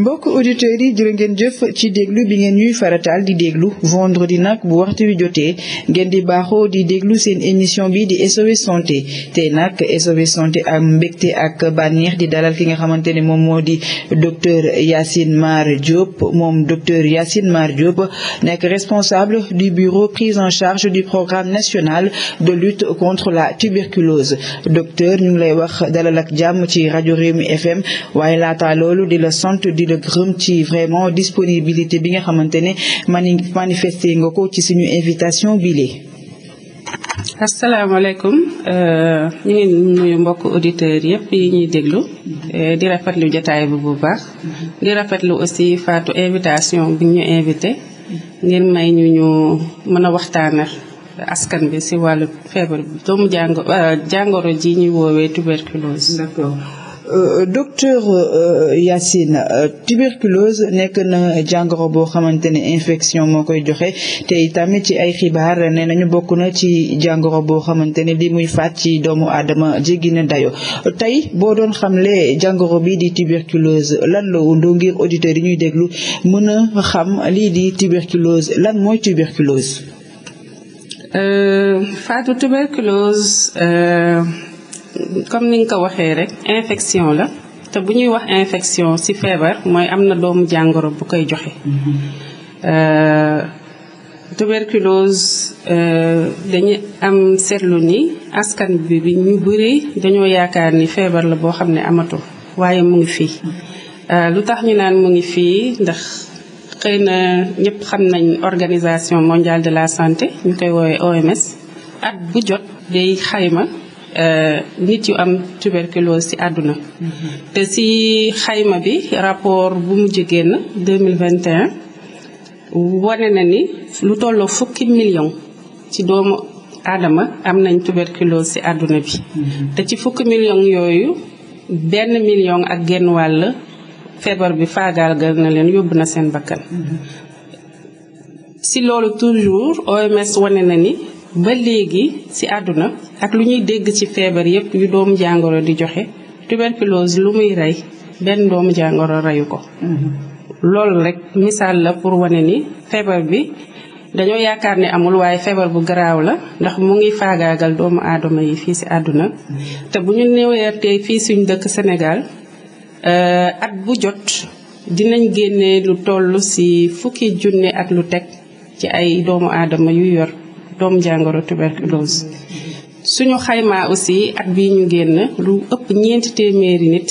mbokk auditeurs yi jërë ngeen jëf ci déglu bi ngeen ñuy farataal di déglu vendredi nag bu waxtu wi jotee ngeen di baaxoo di déglu seen émission bi di SOS santé tey nag SOS santé am mbégte ak bànneex di dalal ki nga xamante ne moom moo di docteur Yacine Mar Diop moom docteur Yacine Mar Diop nekk responsable du bureau pris en charge du programme national de lutte contre la tuberculose docteur ñu ngi lay wax dalal ak jàmm ci rajo Rewmi FM waaye laata loolu la sant di la ci vraiment disponibilité bi nga xamante ne mani manifesté nga ko ci suñu invitation bile. asalaamaaleykum euh, ñu ngi nuyu mbokk auditeurs yëpp yi ñuy déglu euh, di rafetlu jataay bi bu baax di rafetlu aussi faatu invitation bi ñu invité ngir may ñu ñu mën a waxtaanal askan bi si wàllu feebar bi doomu jàngoro euh, jàngoro ji ñuy woowee tuberculose. d'accord. Euh, docteur euh, Yacine euh, tuberculose nekk na jàngoro boo xamante ne infection moo koy joxe te itamit ci ay xibaar nee nañu bokk na ci jàngoro boo xamante ne li muy faat ci doomu aadama jéggi na dayo tey boo doon xam le jàngoro bii di tuberculose lan la wundoo ngir auditeurs yi ñuy déglu mën a xam lii di tuberculose lan mooy tuberculose. Euh, comme ni nga ko waxee rek infection la te bu ñuy wax infection ci feebar mooy am na doomu jàngoro bu koy joxe. Euh, tuberculose euh, dañu am seetlu ni askan bi bi ñu bëri dañoo yaakaar ni feebar la boo xam ne amatul waaye mu ngi fii. Euh, lu tax ñu naan mu ngi fii ndax xëy na ñëpp xam nañ organisation mondiale de la santé ñu koy woowee OMS at bu jot day xayma. Euh, nit yu am tuberculose ci àdduna mm-hmm. te ci xayma bi rapport bu mujj génn 2021 wane na ni lu tolloo fukki million ci doomu aadama am nañ tuberculose ci àdduna bi mm-hmm. te ci fukki million yooyu benn million ak genn wàll feebar bi faagaagal na leen yóbbu na seen bakkan mm-hmm. ci loolu toujours OMS wane na ni ba léegi ci àdduna ak lu ñuy dégg ci feebar yépp yu doomu jàngoro di joxe tuberculose lu muy rey benn doomu jàngoro reyu ko mm-hmm. loolu rek misaal la pour wane ni feebar bi dañoo yaakaar ne amul waaye feebar bu garaaw la ndax mu ngi faagaagal doomu aadama yi fii ci àdduna mm-hmm. te bu ñu néewee fii suñ dëkk Sénégal euh, at bu jot dinañ génne lu toll ci fukki junne ak lu teg ci ay doomu aadama yu yor doomu jàngoro tuberculose. suñu xaymaa aussi ak bii ñu génn lu ëpp ñeenti téeméeri nit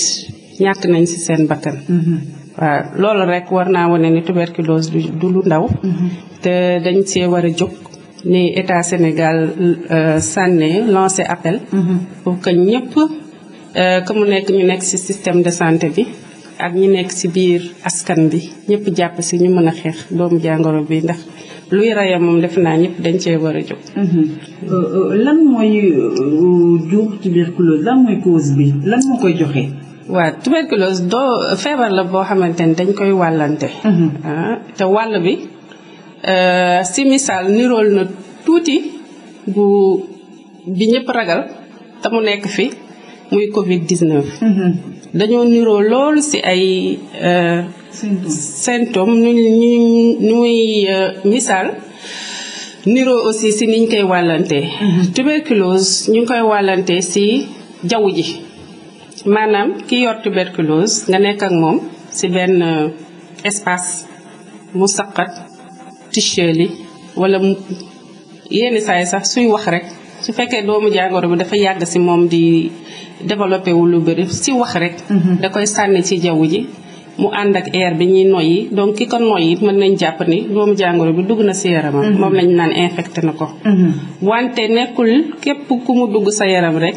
ñàkk nañ ci seen bakkan. Mm-hmm. waaw loolu rek war naa wane ni tuberculose du lu ndaw. Mm-hmm. te dañ see war a jóg ni état Sénégal euh, sànne lancé appel. Mm-hmm. pour que ñëpp euh, que mu nekk ñu nekk ci système de santé bi. ak ñu nekk ci biir askan bi ñëpp jàpp ci ñu mën a xeex doomu jàngoro bi ndax. luy rayam moom def naa ñëpp dañ cee war a jóg. Mhm. Euh, euh, lan mooy euh, jur tuberculose lan mooy cause bi lan moo koy joxe. waa tuberculose doo feebar la boo xamante ni dañ koy wàllante. Mhm. Ah, te wàll bi si misaal nirool na tuuti bu bi ñëpp ragal te mu nekk fi muy Covid 19. Mhm. dañoo niroo lool si ay. symptôme ñu ñu muy euh, misaal niroo aussi si niñ koy wàllante mm-hmm. tuberculose ñu ngi koy wàllante si jaww ji maanaam ki yor tuberculose nga nekk ak moom si benn euh, espace mu saqat t-shirt li wala yenn saay sax suy wax rek su fekkee doomu jàngoro bi dafa yàgg si moom di développé wu lu bëri si wax rek mm-hmm. da koy sànni ci jaww ji mu ànd ak air bi ñuy noyyi donc ki ko noyyi mën nañ jàpp ni doomu jàngoro bi dugg na si yaramam. Mhm. moom lañ naan infecté na ko. Mhm. wante nekkul képp ku mu dugg sa yaram rek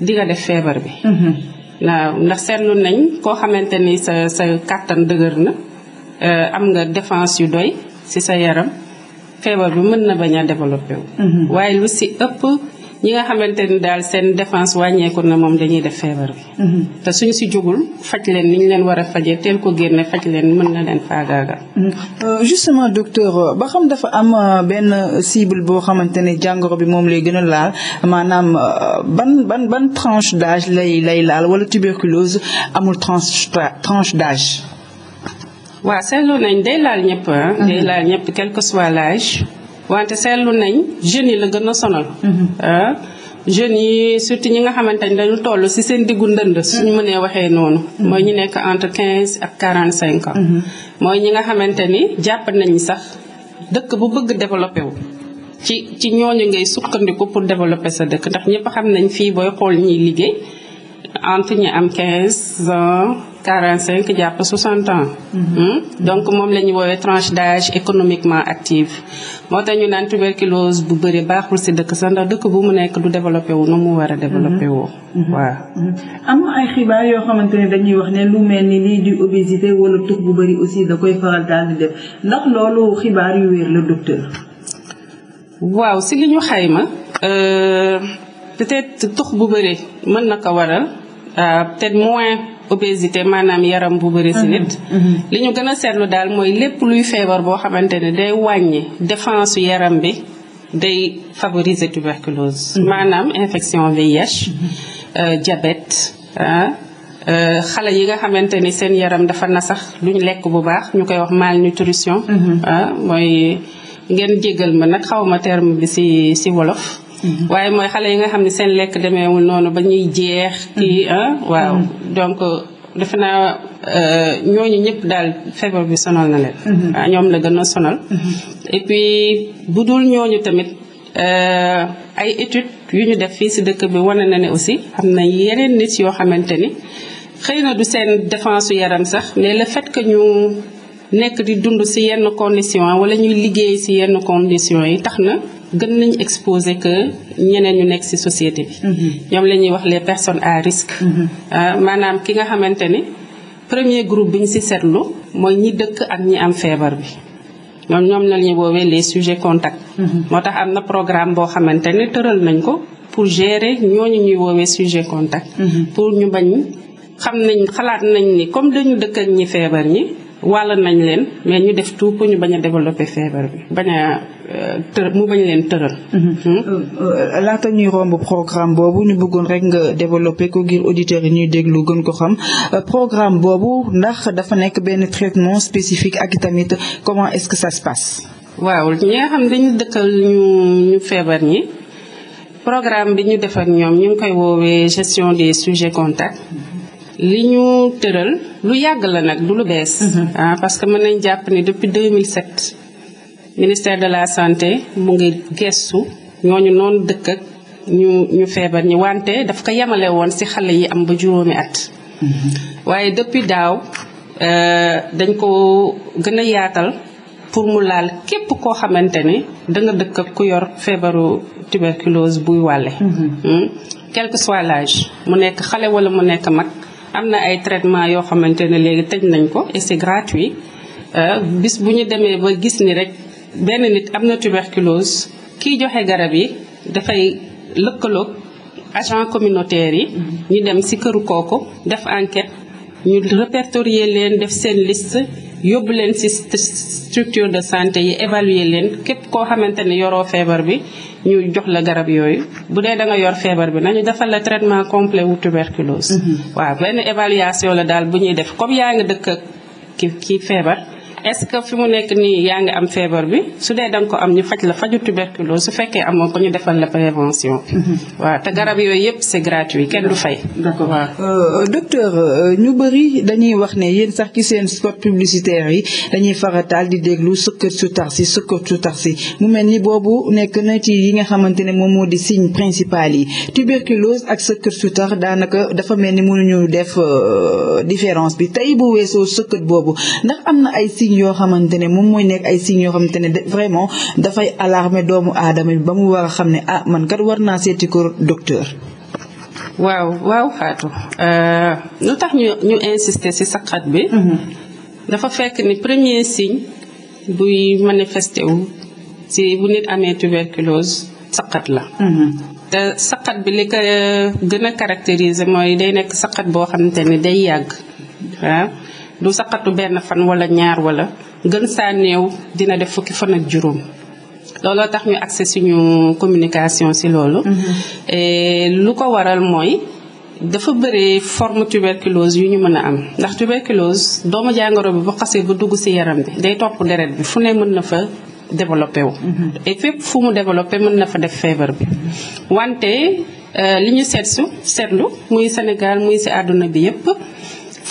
di nga def feebar bi. Mhm. waaw ndax seetlu nañ koo xamante ni sa sa kàttan dëgër na euh, am nga défense yu doy si sa yaram feebar bi mën na bañ a développé waaye lu si ëpp. ñi nga xamante ni daal seen défense wàññeeku na moom dañuy def feebar bi. Mm-hmm. te suñ si jugul faj leen ni ñu leen war a fajee teel ko génne faj leen mën na leen faagaagal. Mm-hmm. Euh, justement docteur ba xam dafa am euh, benn cible boo xamante ne jàngoro bi moom lay gën a laal maanaam euh, ban ban ban tranche d'âge lay lay laal wala tuberculose amul tranche dage waa waaw seetlu nañ day laal ñëpp ah. mm-hmm. day laal ñëpp quel soit l'âge wante seetlu nañ jeunes yi la gën a sonal. Mm-hmm. Ah, jeunes yi surtout ñi nga xamante ni dañu toll ci seen diggu ndënd suñu mënee waxee noonu mm-hmm. mooy ñu nekk entre quinze ak quarante cinq ans mm-hmm. mooy ñi nga xamante ni jàpp nañ sax dëkk bu bëgg développé wu ci ci ñooñu ngay sukkandiku pour développer sa dëkk ndax ñëpp xam nañ fii booy xool ñiy liggéey entre ñi am quinze ans quarante cinq jàpp soixante ans. Mhm. Hmm? donc moom la ñu woowee tranche d'âge économiquement active moo tax ñu naan tuberculose bu bëri baaxul si dëkk sax ndax dëkk bu mu nekk du développé wu nu mu war a développé mhm. woo. Mhm. waaw. am ay xibaar yoo xamante ne dañuy wax ne lu mel ni lii di obésité wala tux bu bëri aussi da koy faral daal di def ndax loolu xibaar yu wér la docteur. waaw si li ñu xayma euh, peut-être tux bu bëri mën na ko waral ah, peut moins. obésité maanaam yaram bu bëri si nit mhm, mhm. li ñu gën a seetlu daal mooy lépp luy feebar boo xamante ne day wàññi défense yaram bi day favoriser tuberculose mhm. maanaam infection VIH euh, diabète ah, euh, xale yi nga xamante ni seen yaram dafa nasax luñ lekk bu baax ñu koy wax malnutrition ah, mooy ngeen jéggal ma nag xaw ma terme bi si si wolof waaye mooy xale yi nga xam ne seen lekk demeewul noonu ba ñuy jeex kii mm-hmm. ah, waaw mm-hmm. donc defe naa euh, ñooñu ñëpp daal feebar bi sonal na leen mm-hmm. waaw ñoom la gën a sonal et bu dul ñooñu tamit euh, ay étude yu ñu def fii si dëkk bi wane na ne aussi am na yeneen nit yoo xamante ni xëy na du seen défense yaram sax mais le fait que ñu nekk di dund si yenn condition wala ñuy liggéey si yenn condition yi tax na gën nañ exposé que ñeneen ñu nekk ci société bi mhm. ñoom lañuy wax les personnes à risque mhm. ah, maanaam ki nga xamante ni premier groupe bi ñu ci seetlu mooy ñi dëkk ak ñi am feebar bi ñoom ñoom la ñuy woowee les sujets contacts mhm. moo tax am na programme boo xamante ne tëral nañ ko pour gérer ñooñu ñuy woowee sujet contact pour ñu bañ xam nañ xalaat nañ ni comme dañu dëkk ak ñi feebar ñi wàll nañ leen mais ñu def tout pour ñu bañ a développer feebar bi bañ a euh, tër mu bañ leen tëral. Mm-hmm. Hmm? Euh, euh, laata ñuy romb programme boobu ñu buggoon rek nga développer ko ngir auditeurs yi ñuy déglu gën ko xam programme boobu ndax dafa nekk benn traitement spécifique ak tamit comment est-ce que ça se waaw ñi nga xam dañu dëkkal ñu ñu feebar ñi programme bi ñu def ñoom ñu ngi koy woowee gestion des sujets contacts. li ñu tëral lu yàgg la nag du lu bees. Mhm. ah parce que mën nañ jàpp ni depuis 2007 ministère de la santé mu ngi gestu ñooñu noonu dëkk ñu ñu feebar ñi wante daf ko yemale woon ci xale yi am ba juróomi at. Mhm. waaye depuis daaw euh, dañ ko gën a yaatal pour mu laal képp koo xamante ni da nga ku yor feebaru tuberculose buy wàlle. Mhm. Hmm? quel que soit l'âge mu nekk xale wala mu nekk mag. am na ay traitement yoo xamante ne léegi tëj nañ ko et c'est gratuit euh, bis bu ñu demee ba gis ni rek benn nit am na tuberculose kiy joxe garab yi dafay lëkkaloog agent communautaire yi mm-hmm. ñu dem ci këru kooku def enquête ñu répertorier leen def seen liste yóbbu leen ci structure de santé yi évaluer leen képp koo xamante ne yoroo feebar bi ñu jox la garab yooyu bu dee da nga yor feebar bi nañu defal la traitement complet wu tuberculose. Mm-hmm. waaw benn évaluation la daal bu ñuy def comme yaa ngi dëkk ki ki feebar. est-ce que fi mu nekk nii yaa ngi am feebar bi su dee da ko am ñu faj la faju tuberculose su fekkee amoon ko ñu defal la prévention. Mhm. waaw te garab yooyu yëpp c'est gratuit kenn du fay. d'accord waaw euh, docteur euh, ñu bëri dañuy wax ne yéen sax ci seen spot publicitaire yi dañuy farataal di déglu sëkkët su tax si sëkkët su tax si mu mel ni boobu nekk na ci yi nga xamante ne moom moo di signe principal yi tuberculose ak sëkkët su tax daanaka dafa mel ni mënuñu def euh, différence bi tey bu weesoo sëkkët boobu ndax am na ay signes signes yoo xamante ne moom mooy nekk ay signes yoo xamante ne vraiment dafay alarmer doomu aadama bi ba mu war a xam ne ah man kat war naa seeti ko docteur. waaw waaw Fatou euh, lu tax ñu ñu insister ci saqat bi. Mm-hmm. dafa fekk ni premier signe buy manifesté wu ci bu nit amee tuberculose saqat la. Mm-hmm. te saqat bi li ko euh, gën a caractériser mooy day nekk saqat boo xamante ne day yàgg waaw. lu saqatu benn fan wala ñaar wala gën saa néew dina def fukki fan ak juróom looloo tax ñu accès suñu communication si loolu mhm. lu ko waral mooy dafa bëri forme tuberculose yu ñu mën a am ndax tuberculose doomu jàngoro bi bu xasee ba dugg si yaram bi day topp deret bi fu ne mën na fa développé wu mhm. et fépp fu mu développé mën na fa def feebar bi wante euh, li ñu seetsu seetlu muy Sénégal muy si àdduna bi yépp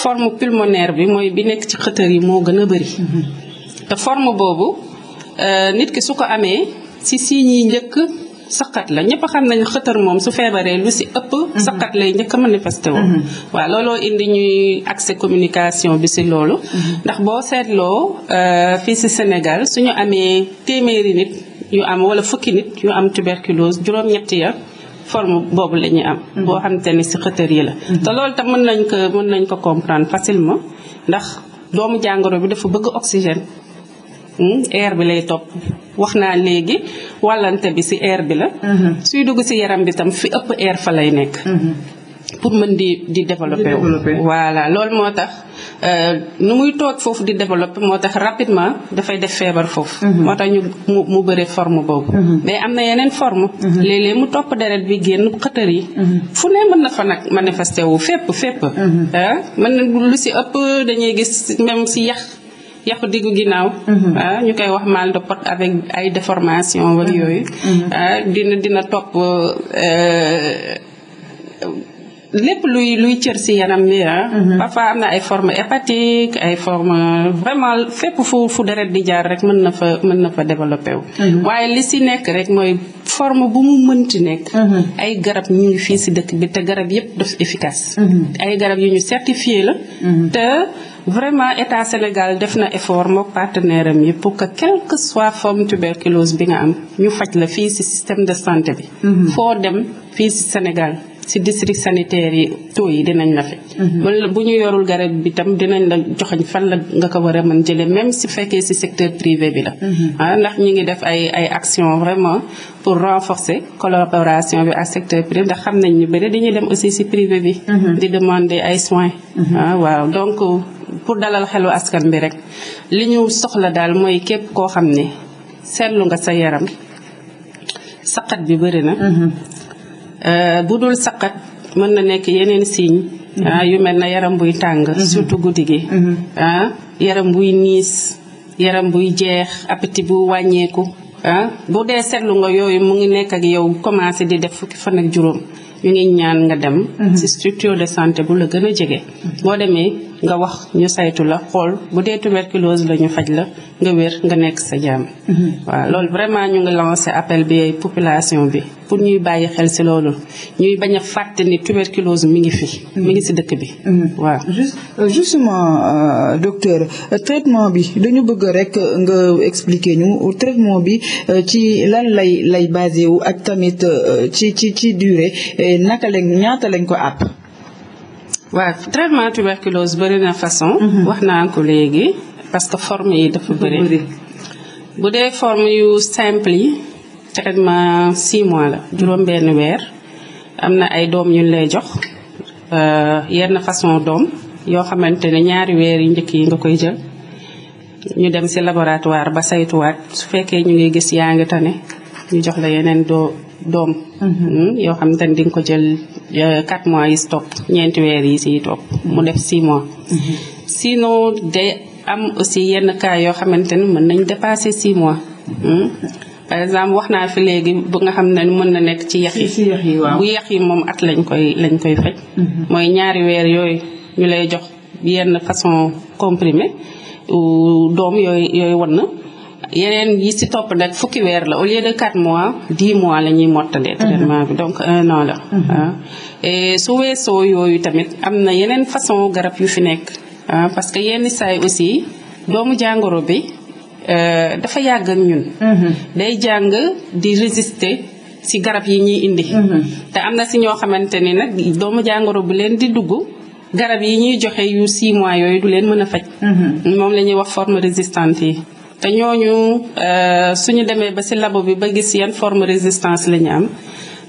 forme pulmonaire bi mooy bi nekk ci xëtër yi moo gën a bëri te forme boobu euh, nit ki su ko amee si signes yi njëkk saqat la ñëpp xam nañu xëtër moom su feebaree lu si ëpp mhm. saqat lay njëkk a manifesté woo mhm. waaw looloo indi ñuy accès communication bi si loolu mhm. ndax boo seetloo euh, fii si Sénégal suñu amee téeméeri nit yu am wala fukki nit yu am tuberculose juróom-ñett ya forme boobu la ñuy am. Mhm. boo xamante ne si xëtër yi la. Mhm. te loolu tam mën nañ ko mën nañ ko comprendre facilement ndax doomu jàngoro bi dafa bëgg oxygène. Hmm? air bi lay topp wax naa léegi wàllante bi si air bi la. Mhm. suy dugg si yaram bi tam fi ëpp air fa lay nekk. pour mën di di développer wu voilà loolu moo tax euh, nu muy toog foofu di développer moo tax rapidement dafay def feebar foofu mhm. moo tax ñu mu mu bëre forme boobu mhm. mais am na yeneen forme mhm. léeg-léeg mu topp deret bi génn xëtër yi fu ne mën na fa nag manifester wu fépp fépp ah, mën na lu si ëpp dañuy gis même si yax yàqu diggu ginnaaw ah, ñu koy wax mal de pot avec ay déformation wala yooyu ah, dina dina topp euh, lépp luy luy cër si yaram bi ah. Mhm. parfois am na ay forme hépatique ay forme vraiment fépp fu fu deret di jaar rek mën na fa mën na fa développé wu. Mhm. waaye li si nekk rek mooy forme bu mu mënti nekk. Mhm. ay garab ñu ngi fii si dëkk bi te garab yëpp def efficace. ay garab yu ñu certifié la. te vraiment état Sénégal def na effort mook partenaire am yi pour que quel que soit forme tuberculose bi nga am ñu faj la fii si système de santé bi. foo dem fii si Sénégal. si district sanitaire yi taux yi dinañ mhm. la fekk bu ñu yorul garab bi tam dinañ la joxañ fan la nga ko war a mën jëlee même si fekkee si secteur privé bi la mhm. ah ndax ñu ngi def ay ay action vraiment pour renforcer collaboration bi ak secteur privé ndax xam nañ ñu bëri dañuy dem aussi si privé bi mhm. di demander ay soins ah waaw donc pour dalal xelu askan bi rek li ñu soxla daal mooy képp koo xam ne seetlu nga sa yaram saqat bi bëri Euh, bu dul saqat mën na nekk yeneen signe ah, yu mel na yaram buy tàng mhm. surtout guddi gi mhm. ah, yaram buy niis yaram buy jeex appétit bu wàññeeku ah, bu dee seetlu nga yooyu mu ngi nekk ak yow commencé di def fukki fan ak juróom ñu ngi ñaan nga dem mhm. ci structure de santé bu la gën a jege boo demee nga wax ñu saytu la xool bu dee tuberculose lañu faj la nga wér nga nekk sa jàmm. Mhm. waaw loolu vraiment ñu ngi lancé appel bi population bi pour ñuy bàyyi xel ci loolu ñuy bañ a fàtte ni tuberculose mi ngi fi. Mhm. mi ngi ci dëkk bi. Mhm. waaw euh, justement euh, docteur euh, traitement bi dañu bëgg rek nga expliquer ñu traitement bi ci lan lay lay basé wu ak tamit ci ci ci durée naka lañ ñaata lañ ko àpp. waaw traitement tuberculose bëri na façon. Mhm. wax naa ko léegi parce que forme yi dafa bëri. bu dee forme yu simple yi traitement 6 mois la juróom-benn weer am na ay doom yuñ lay jox euh, yenn façon doom yoo xamante ne ñaari weer yu njëkk yi nga koy jël ñu dem ci laboratoire ba saytuwaat su fekkee ñu ngi gis yaa ngi tane. ñu jox la yeneen doo doom mhm. hmm? yoo xam ne di nga ko jël euh, quatre mois yi si ñeenti weer yi siy topp mu def six mois mhm. sinon day am aussi yenn kaay yoo xamante ne mën nañ dépasser six mois hmm? par exemple wax naa fi léegi bu nga xam ne mën na nekk ci yax yi bu yax yi moom at lañ koy lañ koy faj mhm. mooy ñaari weer yooyu ñu lay jox yenn façon comprimé doom yooyu yooyu wan na yeneen yi si topp nag fukki weer la au lieu de quatre mois dix mois la ñuy mottalee traitement bi donc un an la mhm. ah. et su weesoo yooyu tamit am na yeneen façon garab yu fi nekk ah, parce que yenn saay aussi doomu jàngoro bi euh, dafa yàgg ak ñun mhm. day jàng di résisté si garab yi ñuy indi mhm. te am na si ñoo xamante ni nag doomu jàngoro bu leen di dugg garab yi ñuy joxe yu six mois yooyu du leen mën a faj moom la ñuy wax forme résistante yi te ñooñu euh, suñu demee ba ci labo bi ba gis yan forme résistance la ñu am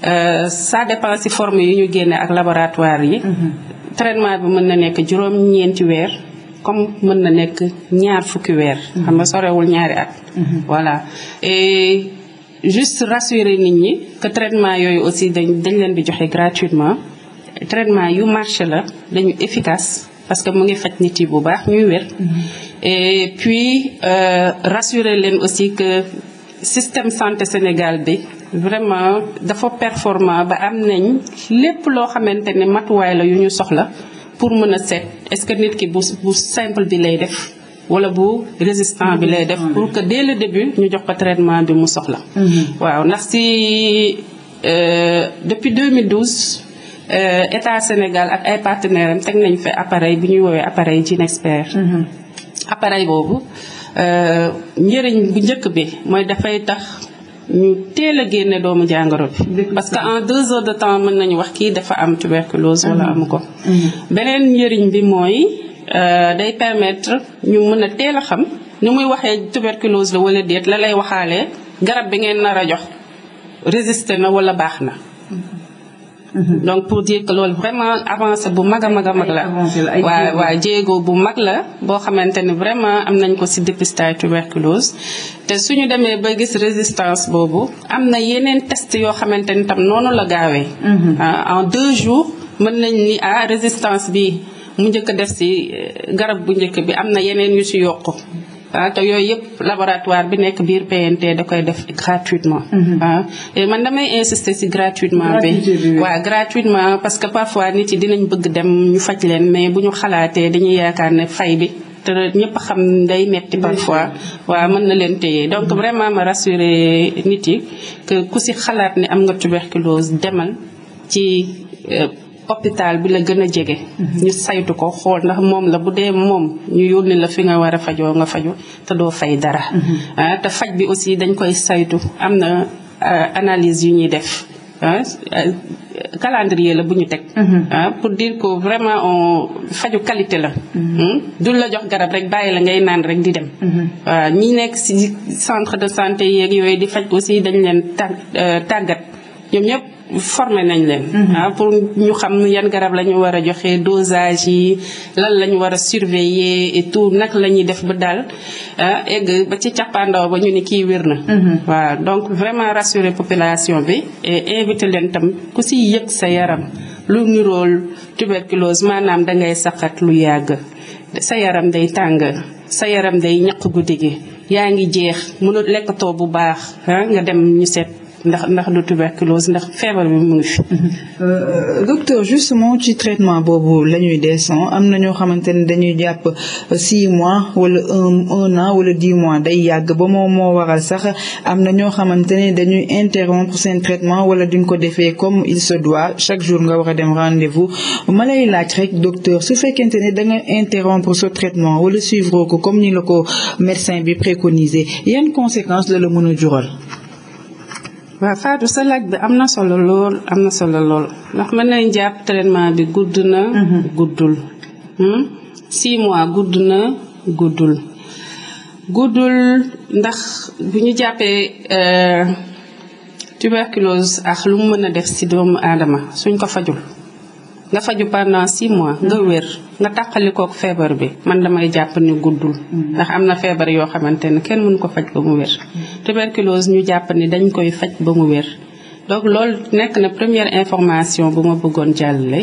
euh, ça dépend ci forme yi ñu génnee ak laboratoire yi mhm. traitement bi mën na nekk juróom ñeenti weer comme mën na nekk ñaar fukki weer mhm. xam nga sorewul ñaari at mhm. voilà et juste rassurer nit ñi que traitement yooyu aussi dañ dañ leen di joxe gratuitement traitement yu marché la dañu efficace parce que mu ngi faj nit yi bu baax ñuy wér mm-hmm. et puis euh, rassurer leen aussi que système santé Sénégal bi vraiment dafa performant ba am nañ lépp loo xamante ne matuwaay la yu ñu soxla pour mën a seet est-ce que nit ki bu bu simple bi lay def wala bu résistant bi lay def mm-hmm. pour que dès le début ñu jox ko traitement bi mu soxla mm-hmm. waaw ndax si euh, depuis Euh, état Sénégal ak ay partenaires am teg nañ fa appareil bi ñuy woowee appareil Ginexpert. Mhm. appareil boobu euh, njëriñ bu njëkk bi mooy dafay tax ñu teel a génne doomu jàngoro bi. parce que en deux heures de temps mën nañu wax kii dafa am tuberculose. wala mhm. amu ko. Mhm. beneen njëriñ bi mooy euh, day permettre ñu mën a teel a xam ni muy waxee tuberculose la wala déet lalay lay waxaale garab bi ngeen nar a jox résister na wala baax na. Mhm. donc pour dire que loolu vraiment avancé bu mag a mag a mag la waaw waaw jéego bu mag la boo xamante ne vraiment am nañ ko ci dépistage tuberculose te suñu demee ba gis résistance boobu am na yeneen test yoo xamante ni tam noonu la gaawee mhm. ah, en deux jours mën nañ ni ah résistance bi mu njëkk a def ci euh, garab bu njëkk bi am na yeneen yu ci yokku ah te yooyu yëpp laboratoire bi nekk biir PNT da koy def gratuitement. Mhm. ah et man damay insister ci gratuitement bi. waa gratuitement parce que parfois nit yi dinañ bëgg dem ñu faj leen mais bu ñu xalaatee dañuy yaakaar ne fay bi. te ñëpp xam day metti parfois waa mën na leen téye donc mhm. vraiment ma rassurer nit yi que ku ci xalaat ne am nga tuberculose demal ci euh, hôpital bi la gën a jege. ñu saytu ko xool ndax moom la bu dee moom ñu yónni la fi nga war a fajoo nga faju te doo fay dara. Mhm. Ah, te faj bi aussi dañ koy saytu am na ah, analyse yu ñuy def. Ah, calendrier la bu ñu teg mhm. pour dire ko vraiment on faju qualité la mhm. hmm? du la jox garab rek bàyyi la ngay naan rek di dem waaw ñi nekk ci centre de santé yeeg yooyu di faj aussi dañ leen tàggat ñoom ñëpp formé nañ leen. Mhm. Ah, pour ñu xam yan garab la ñu war a joxe dosage yi lan la ñu war a surveiller et tout nag la ñuy def ba daal ah egg ba ci cappaandaw ba ñu ne kii wér na. Mhm. waaw donc vraiment rassurer population bi et inviter leen tam ku si yëg sa yaram lu nirool tuberculose maanaam dangay saqat lu yàgg sa yaram day tàng sa yaram day ñaq guddi gi yaa ngi jeex mënul lekkatoo bu baax ah, nga dem ñu set ndax ndax du tuberculose ndax feebar bi mu ngi fi. Mhm. Euh, docteur ci traitement boobu la ñuy descend am na ñoo xamante ne dañuy jàpp six mois wala un un an wala dix mois day yàgg ba moom moo waral sax am na ñoo xamante ne dañuy interrompre seen traitement wala duñ ko defee comme il se doit chaque jour nga war a dem rendez-vous ma lay laaj rek docteur su fekkente ne da nga interrompre so traitement wala suivre ko comme ni la ko médecin bi préconisé yan conséquence la la mën a jural. waa Fatou sa laaj bi am na solo lool am na solo lool ndax mën nañ jàpp traitement bi gudd na mhm. guddul hmm? six mois gudd na guddul guddul ndax bu ñu jàppee euh, tuberculose ak lu mu mën a def ci doomu aadama suñ ko fajul nga faju pendant six mois nga mm-hmm. wér nga tàqalikook feebar bi man damay jàpp ni guddul mm-hmm. ndax am na feebar yoo xamante ne kenn mënu ko faj ba mu wér mm-hmm. tuberculose ñu jàpp ni dañ koy faj ba mu wér donc loolu nekk na première information bu ma bëggoon jàllale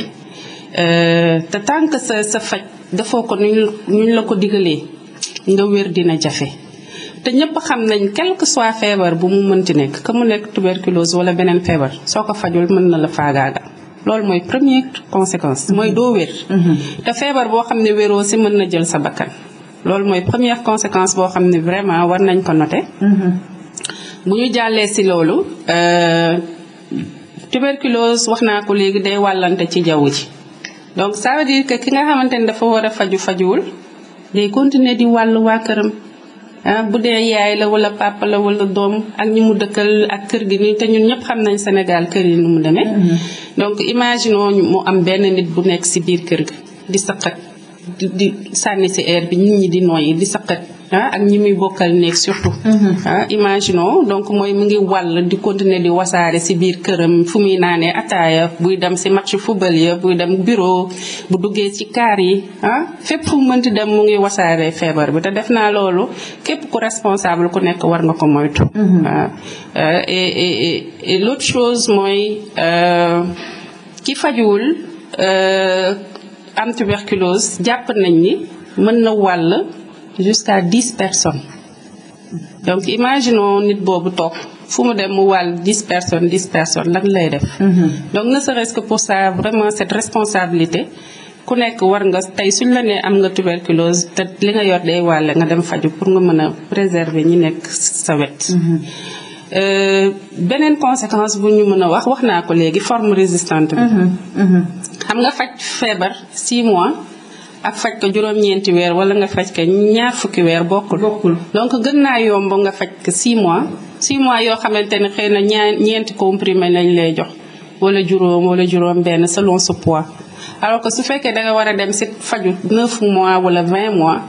euh, te tant que sa sa faj defoo ko nuñ ñu la ko diggalee nga wér dina jafe te ñëpp xam nañ quelque que soit feebar bu mu mënti nekk que mu nekk tuberculose wala beneen feebar soo ko fajul mën na la faagaagal loolu mooy première conséquence mooy doo wér mm-hmm. te feebar boo xam ne wéroo si mën na jël sa bakkan loolu mooy première conséquence boo xam ne vraiment war nañ ko noter mm-hmm. bu ñu jàllee si loolu euh, tuberculose wax naa ko léegi day wàllante ci jaww ji donc ça veut dire ki nga xamante ni dafa war a faju fajuwul day continuer di wàllu waa këram ah bu dee yaay la wala papa la wala doom ak ñi mu dëkkal ak kër gi nii te ñun ñëpp xam nañ Sénégal kër yi nu mu demee. Mm-hmm. donc imaginons mu am benn nit bu nekk ci biir kër gi di sëqat di sànni si air bi nit ñi di yi di saqat ah ak ñi muy bokkal nekk surtout mhm. ah imaginons donc mooy mu ngi wàll di continuer di wasaare si biir këram fu muy naanee ataaya buy dem si match football ya buy dem bureau bu duggee ci kaar yi ah fépp fu mënti dem mu ngi wasaare feebar bi te def naa loolu képp ku responsable ku nekk war nga ko moytu mhm. ah, et eh, eh, eh, chose mooy euh, ki fajuwul euh, am tuberculose jàpp nañ ni mën na wàll jusqu'à dix personnes donc imaginons nit boobu toog fu mu dem mu wàll dix personnes dix personnes lan lay def mhm. donc ne serait-ce que pour ça vraiment cette responsabilité ku nekk war nga tey suñ la nee am nga tuberculose te li nga yor day wàlle nga dem faju pour nga mën a préserver ñi nekk sa wet mhm. euh, beneen conséquence bu ñu mën a wax wax naa ko léegi forme résistante bi mhm. xam nga faj feebar 6 mois ak faj ko juróom-ñeenti weer wala nga faj ko ñaar fukki weer bokkul. bokkul donc gën naa yomb nga faj ko 6 mois 6 mois yoo xamante ne xëy na ñaar ñeenti comprimé lañ lay jox wala juróom wala juróom-benn selon sa poids alors su fekkee da war a dem si faju 9 mois wala 20 mois.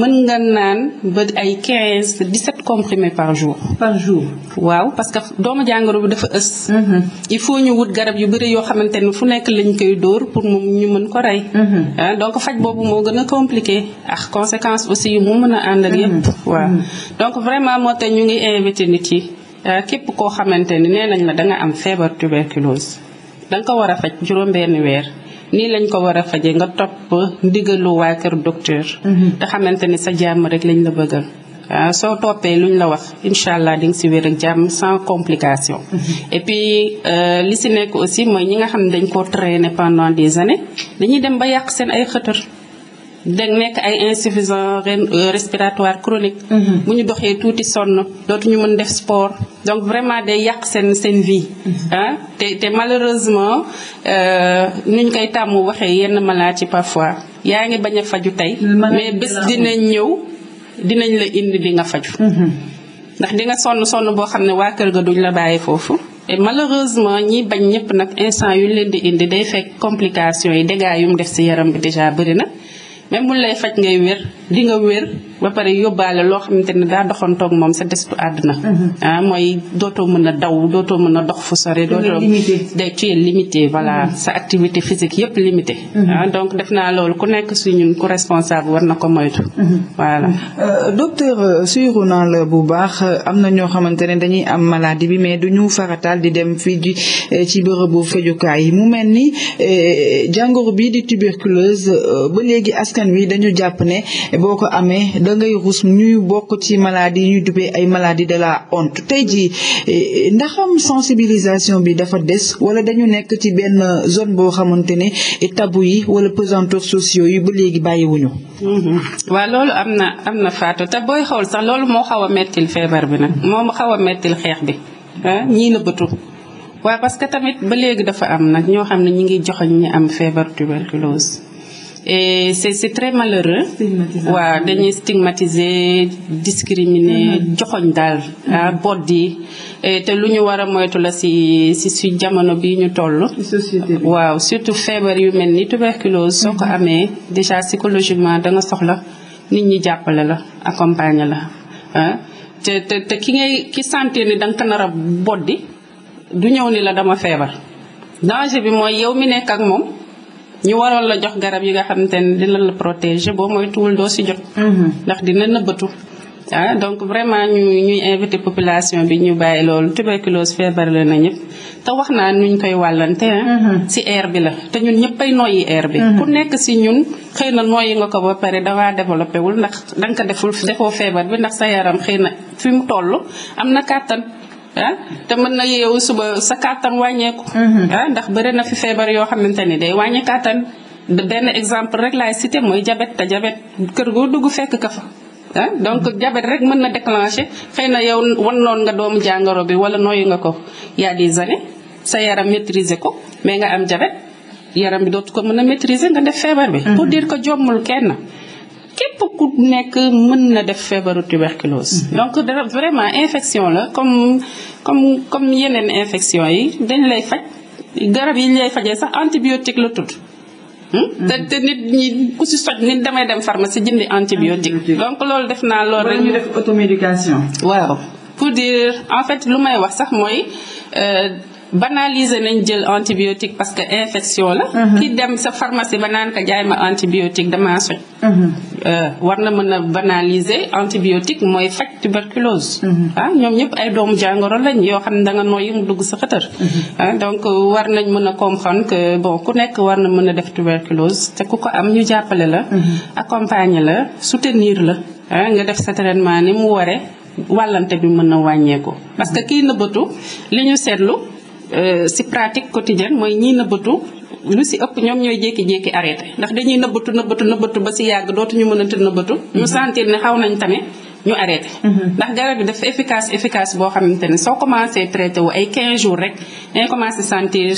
mën nga naan ba ay 15 17 comprimés par jour. par jour waaw parce que doomu jàngoro bi dafa ës. Mm-hmm. il faut ñu wut garab yu bëri yoo xamante ne fu nekk lañ koy dóor pour moom ñu mën ko rey. Mm-hmm. Ah, donc faj boobu moo gën a compliqué ak ah, conséquence aussi yu mu mën a ànd ak yépp mm-hmm. waaw donc vraiment moo tax ñu ngi invité nit yi ah, képp koo xamante ne nee nañ la da am feebar tuberculose da nga ko war a faj juróom-benn weer. nii lañ ko war a fajee nga topp ndigalu waa kër docteur mhm. te xamante ni sa jàmm rek lañ la bëggal ah, soo toppee luñ la wax incha allah di nga si wér ak jàmm sans complication mhm. et puis euh, li si nekk aussi mooy ñi nga xam ne dañ koo traîner pendant des années dañuy dem ba yàq seen ay xëtër da nekk ay insuffisance euh, respiratoire chronique mhm. bu ñu doxee tuuti sonn dootuñu mën def sport donc vraiment day yàq seen seen vie mhm. ah te te malheureusement euh, nu ñu koy tàmmu waxee yenn malade ci parfois yaa ngi bañ a faju tey mais bés dinañ ñëw dinañ la indi di nga faju mhm. ndax di nga sonn sonn boo xam ne waa kër ga duñu la bàyyi foofu et malheureusement ñi bañ ñëpp nag instant yu leen di indi day fekk complications yi dégâts yu mu def ci yaram bi déjà bëri na même bu lay faj ngay wér di nga wér ba pare yóbbaale loo xamante ne daa doxantoog moom sa des desitu àdduna mhm. ah mooy dootoo mën a daw dootoo mën a dox fu sore dootoo day ci limité voilà mhm. sa activité physique yëpp limité mhm. ah, donc def naa loolu ku nekk si ñun ku responsable war na ko moytu voilà euh, docteur euh, suivre naa la bu baax euh, am na ñoo xamante ne dañuy am maladie bi mais du duñu farataal di dem fii ji ci bërëbu fajukaay yi mu mel ni jàngoro bi di tuberculose ba léegi askan wi dañu jàpp ne boo ko amee da ngay rus ñu bokk ci maladie ñuy ñu dubee ay maladie de la honte tey jii eh, ndaxam sensibilisation bi dafa des wala dañu nekk ci benn zone boo xamante ne tabu yi wala pesanteurs sociaux yi ba léegi bàyyiwuñu. Mhm. waaw loolu am na am na faatu te booy xool sax loolu moo xaw a mettil feebar bi nag moo xaw a mettil xeex bi ah ñii nëbbatu waaw parce que tamit ba léegi dafa am nag ñoo xam ne ñi ngi joxoñ ñi am feebar tuberculose. et c' est c' est très malheureux. waaw dañuy stigmatiser discriminer mm-hmm. joxoñ daal ah mm-hmm. bodd yi te lu ñu war a moytu la si si si jamono bi ñu toll. waaw surtout feebar yu mel ni tuberculose soo ko mm-hmm. amee déjà psychologiquement danga soxla nit ñi jàppale la accompagner la ah te te ki ngay ki sentir ni da nga ko nar a boddi du ñëw ni la dama feebar danger bi mooy yow mi nekk ak moom. ñu waroon la jox garab yi nga xamante ne dina la protéger boo moytuwul doo si jot. Mhm. ndax dina nëbbatu. ah donc vraiment ñu ñuy invité population bi ñu bàyyi loolu tuberculose feebar la na ñëpp te wax naa nuñ koy wàllante ah. mhm. si air bi la te ñun ñëppay noyyi air bi. Mhm. ku nekk si ñun xëy na noyyi nga ko ba pare dawaa développé wul ndax danga ko deful defoo feebar bi ndax sa yaram xëy na fi mu toll am na kàttan. ah te mën na yeewu suba sa kàttan wàññeeku. Mhm. ah ndax bëri na fi feebar yoo xamante ni day wàññi kàttan benn exemple rek laay cité mooy jabet te jabet kër goo dugg fekk ka fa. ah donc jabet rek mën na déclencher xëy na yow wan noon nga doomu jàngoro bi wala nooyu nga ko y des années sa yaram maîtriser ko mais nga am jabet yaram bi dootu ko mën a maîtriser nga def feebar bi. Mhm. pour dire ko jommul kenn. képp ku nekk mën na def feebaru tuberculose. Mhm. donc de vraiment infection la comme comme comme yeneen infection yi dañ lay faj garab yi ñu lay fajee sax antibiotique la tudd. Hmm? Mhm. te te nit ñi ku si soj nit damay dem pharmacie jëndi antibiotique. donc loolu def naa loolu rek. ñu def automédication. waaw pour dire en fait lu may wax sax mooy. Euh, banaliser nañ jël antibiotique parce que infection la. Mhm. ki dem sa pharmacie ba naan ko jaay ma antibiotique damaa soñ. Mhm. Euh, war na mën a banaliser antibiotique mooy faj tuberculose. Mhm. ah ñoom ñëpp ay doomu jàngoro lañ yoo xam ne danga nga nooy mu dugg sa xëtër. Ah, donc euh, war nañ mën a comprendre que bon ku nekk war na mën a def tuberculose te ku ko am ñu jàppale la. accompagner la soutenir la. Ah, nga def sa traitement ni mu waree wàllante bi mën na wàññeeku. parce que nëbbatu li ñu seetlu. si euh, pratique quotidienne mooy ñii nëbbatu lu si ëpp ñoom ñooy jékki-jékki arrêté ndax dañuy nëbbatu nëbbatu nëbbatu ba si yàgg dootuñu mënante nëbbatu mhm. ñu sentir ni xaw nañ tane ñu arrêté mhm. ndax garab bi dafa efficace efficace boo xamante ne soo commencé traité wu ay 15 jours rek dangay commencé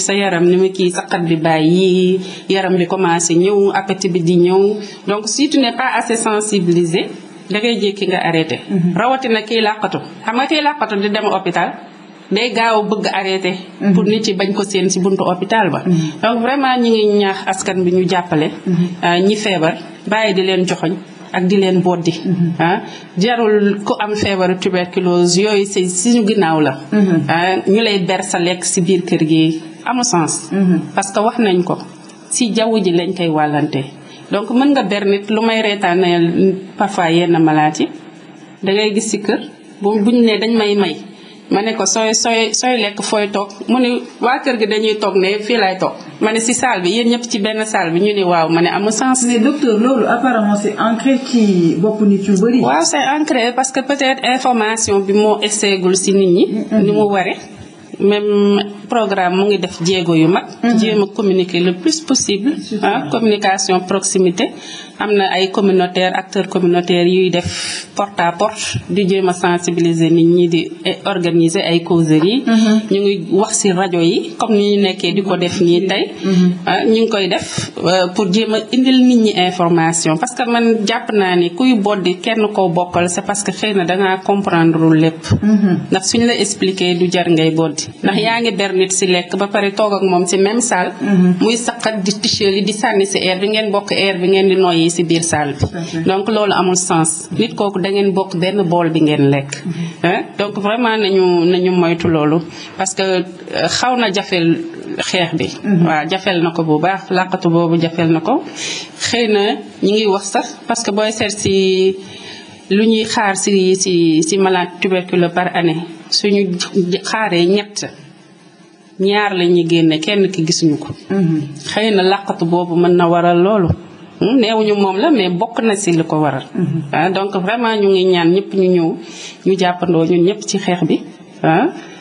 sa yaram ni mu kii saqat bi bàyyi yaram bi commencé ñëw appétit bi di ñëw donc si tu n'es pas assez sensibilisé da ngay jékki nga arrêté mhm. rawatina kii làqatu xam nga kii làqatu di dem hôpital day gaaw a bëgg arrêté. Mhm. pour nit yi bañ ko seen ci buntu hôpital ba. Mhm. donc vraiment ñi ngi ñaax askan bi ñu jàppale. Mhm. Euh, ñi feebar bàyyi di leen joxoñ ak di leen boddi ah jarul ku am feebaru tuberculose yooyu si suñu ginnaaw la ah, ñu lay ber sa lekk si biir kër gi amu sens parce que wax nañ ko si jaww ji lañ koy wàllante donc mën nga ber nit lu may reetaanee parfois yenn malaat yi da gis si kër bu buñ ne dañ may may ma ne ko sooy sooy sooy lekk fooy toog mu ne waa kër gi dañuy toog ne fii lay toog ma ne si salle bi yéen ñëpp ci benn salle bi ñu ni waaw ma ne amul sens. mais loolu apparemment c'est ancré ci bopp nit yu bëri. parce que peut-être information bi moo esseegul si nit ñi. ni mu waree même programme mu ngi def jéego yu mag. jéem a communiquer le plus possible. ah communication proximité. am na ay communautaire acteurs communautaires yuy def porte à di jéem a sensibiliser nit ñi di organiser ay causeries mm-hmm. ñu ngi wax ci rajo yi comme ni ñu nekkee di ko def nii tey mm-hmm. ah, ñu ngi koy def euh, pour jéem a indil nit ñi information parce que man jàpp naa ni kuy boddi kenn koo bokkal c'est parce que xëy na dangaa comprendre lépp mm-hmm. ndax suñ la expliquer du jar ngay boddi ndax yaa ngi ber ci lekk ba pare toog ak moom ci même salle muy saqat di ticheli di sànni ci air ngeen bokk bi ngeen di noyyi yi ci biir salle bi donc loolu amul sens nit kooku dangeen bokk benn bool bi ngeen lekk donc vraiment nañu nañu moytu loolu parce que euh, xaw na jafeel xeex bi mhm. waaw jafeel na ko bu baax làqatu boobu jafeel na ko xëy na ñi ngi wax sax parce que booy seet ci lu ñuy xaar ci ci malaat malade tuberculeux par année suñu xaaree ñett ñaar la ñuy génne kenn ki gisuñu ko mhm. xëy na làqatu boobu mën na waral loolu Hmm, neewuñu moom la mais bokk na si li ko waral. Mm-hmm. Ah, donc vraiment ñu ngi ñaan ñëpp ñu ñëw ñu jàppandoo ñun ñëpp ci xeex bi ah,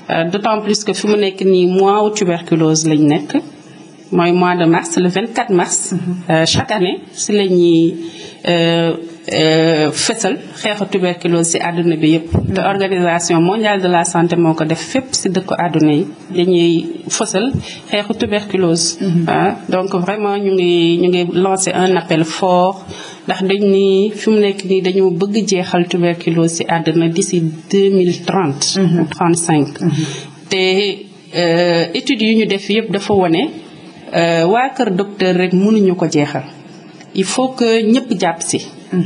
ah, d'autant plus que fi mu nekk nii mois wu tuberculose lañ nekk mooy mois de mars le 24 mars. Mm-hmm. chaque année si la ñuy. Euh, Euh, fësal xeexu tuberculose ci àdduna bi yëpp mm-hmm. te organisation mondiale de la santé moo ko def fépp ci dëkku àdduna yi dañuy fësal xeexu tuberculose mm-hmm. ah, donc vraiment ñu ngi ñu ngi lancer un appel fort ndax dañ ni fi mu nekk nii dañoo bëgg jeexal tuberculose ci àdduna d'ici deux mille trente mm-hmm. ou trente cinq te euh, études yu ñu def yëpp dafa wone euh, waa kër docteur rek mënuñu ko jeexal il faut que ñëpp jàpp ci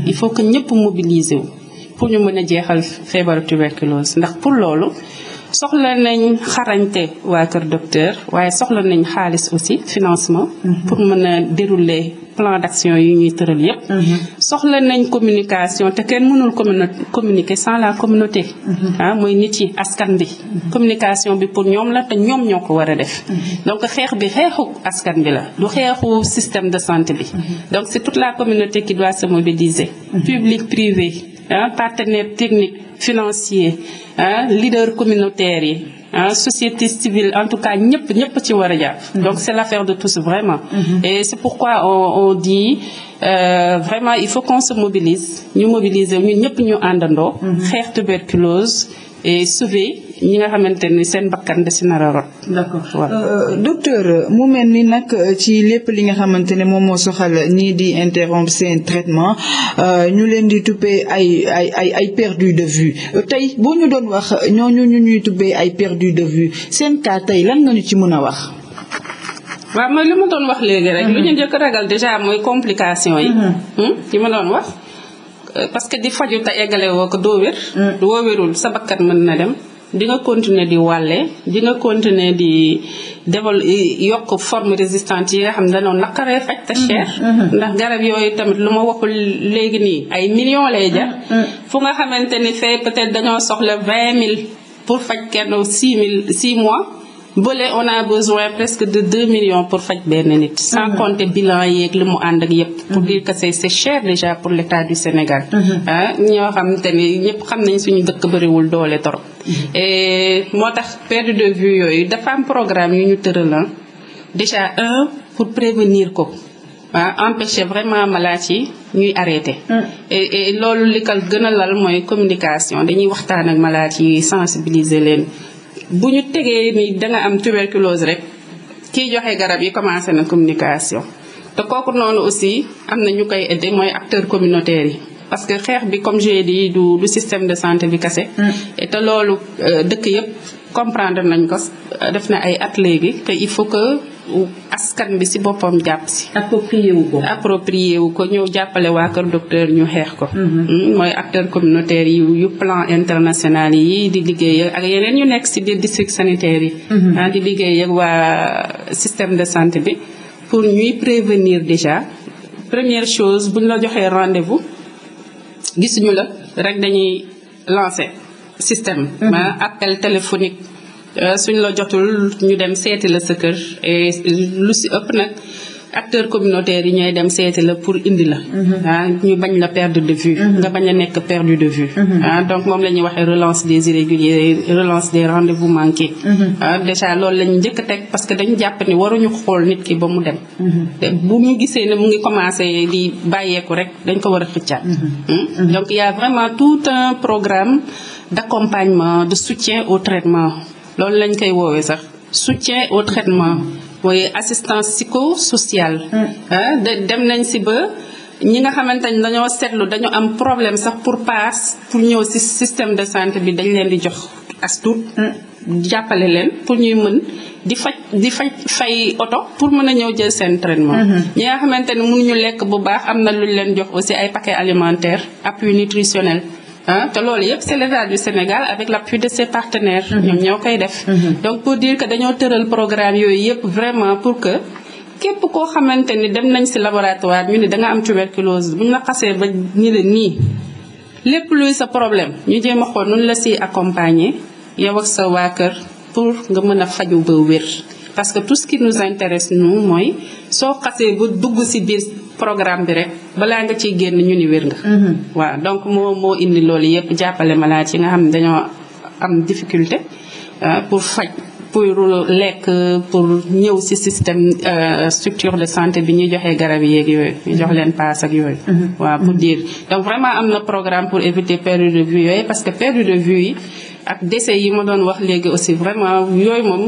il faut que ñëpp mobiliser wu pour ñu mën a jeexal feebaru tuberculose ndax pour loolu soxla nañ xarañte waa kër docteur waaye soxla nañ xaalis aussi financement mhm. pour mën a dérouler plan d'action yi ñuy tëral yépp mhm. soxla nañ communication te kenn mënul communiqué sans la communauté mhm. ah mooy nit yi askan bi communication bi pour ñoom la te ñoom ñoo ko war a def donc xeex bi xeexu askan bi la du xeexu système de santé bi donc c'est tout la communauté qui doit se mobiliser public privé ah, partenaire technique financier ah leader communautaire yi ah société civile en tout cas ñëpp ñëpp ci war a jàpp mm-hmm. donc c'est l'affaire de tous vraiment mm-hmm. et c'est pourquoi on, on dit euh, vraiment il faut qu'on se mobilise ñu mobiliser ñu ñëpp ñu àndandoo mm-hmm. xeex tuberculose et sauver ñi nga xamante ni seen bakkan da si nar a rot. d'accord euh, mu mel ni nag euh, ci lépp li nga xamante ne moom moo soxal nii di interrompre seen traitement euh, ñu leen di tuppee ay ay ay ay perdu de vue tey boo ñu doon wax ñooñu ñu ñuy tuppee ay perdu de vue seen cas tey lan nga ñu ci mën a wax. waaw mooy li ma doon wax léegi rek. Mm-hmm. lu ñu njëkk ragal déjà mooy complication yi. yi mm-hmm. hmm? ma doon wax. Euh, parce que di faju te eggale woo ko doo wér mm. doo wérul sa bakkat mën na dem di nga continuer di wàlle di continuer di développe yokk forme résistante yi nga xam ne danoon naqaree faj te mm. cher mm-hmm. Mm-hmm. ndax garab yooyu tamit lu ma waxul léegi nii ay millions lay jar mm-hmm. fu nga xamante ni fee peut-être dañoo soxla vingt mille pour faj kenn six mille six mois bële on a besoin presque de deux millions pour faj benn nit. sans mhm. compter bilan yeeg li mu ànd ak yëpp. pour dire que c'est c'est cher déjà pour l'État du Sénégal. Mhm. ah ñoo xam te ni ñëpp xam nañ suñu dëkk bëriwul doole torop mhm. et moo tax perte de vue yooyu dafa am programme yu ñu tëral déjà un pour prévenir ko. ah empêcher vraiment maladies yi ñuy arrêter. Mm. loolu li ko gën a lal mooy communication dañuy waxtaan ak maladies yi sensibiliser leen. bu ñu tegee ni danga am tuberculose rek kiy joxe garab yi commencé na communication te kooku noonu aussi am na ñu koy de mooy acteurs communautaires yi parce que xeex bi comme j'ai dit du du système de santé bi kese mm. te loolu euh, dëkk yëpp comprendre nañ ko def na ay at léegi te il faut que askan bi si boppam jàpp si. approprié wu ko. wu ko ñëw jàppale waa kër docteur ñu xeex ko. Mhm. Hmm, mooy acteur communautaire yi yu plan international yi di liggéey ak yeneen yu nekk si biir district sanitaire yi. Mhm. Ah, di liggéey ak waa système de santé bi pour ñuy prévenir déjà première chose bu ñu la joxee rendez-vous gisuñu la rek dañuy lancer système. ma mhm. ah, appel téléphonique. Euh, suñ la jotul ñu dem seeti la sa kër et lu si ëpp nag acteurs communautaires yi ñooy dem seeti la pour indi la mhm. ah ñu bañ la perdre de vue mhm. nga bañ a nekk perdu de vue mhm. ah donc moom la ñuy waxee relance des irréguliers relance des rendez-vous manqués ah déjà loolu la njëkk teg parce que dañu jàpp ni waruñu xool nit ki ba mu dem bu ñu gisee ne mu ngi commencé di bàyyeeku rek dañ ko war a xëccaat hmm? donc il y tout un programme d'accompagnement de soutien au traitement loolu lañ koy woowee sax soutien au traitement mooy assistance psychosociale mm. ah, de dem nañ si ba ñi nga xamante ni dañoo seetlu dañu am problème sax pour pass pour ñëw si système de santé bi dañ leen di jox as mm. jàppale leen pour ñuy mën di faj di faj fay oto pour mën a ñëw jël seen traitement mm-hmm. ñi nga xamante ni ñu lekk bu baax am na ñu leen jox aussi ay paquet alimentaire appui nutritionnel ah te loolu yëpp c'est l'état du Sénégal avec l'appui de ses partenaires. Mhm. ñoom ñoo koy def. Mhm. donc pour dire que dañoo tëral programme yooyu yëpp vraiment pour que. képp koo xamante ni dem nañ ci laboratoire ñu ne da nga am tuberculose bu ñu la xasee ba ñu ne nii lépp luy sa problème ñu jéem a xool la si accompagner yow sa waa kër pour nga mën a faju ba wér. parce que tout ce nous intéresse nous mooy soo xasee ba dugg ci biir programme bi rek balaa nga ciy génn ñu ni wér nga mhm. waaw donc moo moo indi loolu yëpp jàppale ma malade yi nga xam ne dañoo am difficulté euh, pour faj pour lekk pour ñëw ci système euh, structure de santé bi ñuy joxe garab yeek yooyu ñu jox leen paas ak yooyu mhm. waaw pour mhm. dire donc vraiment am na programme pour éviter perte de vue yooyu parce que perte de vue yi ak décès yi ma doon wax léegi aussi vraiment yooyu moom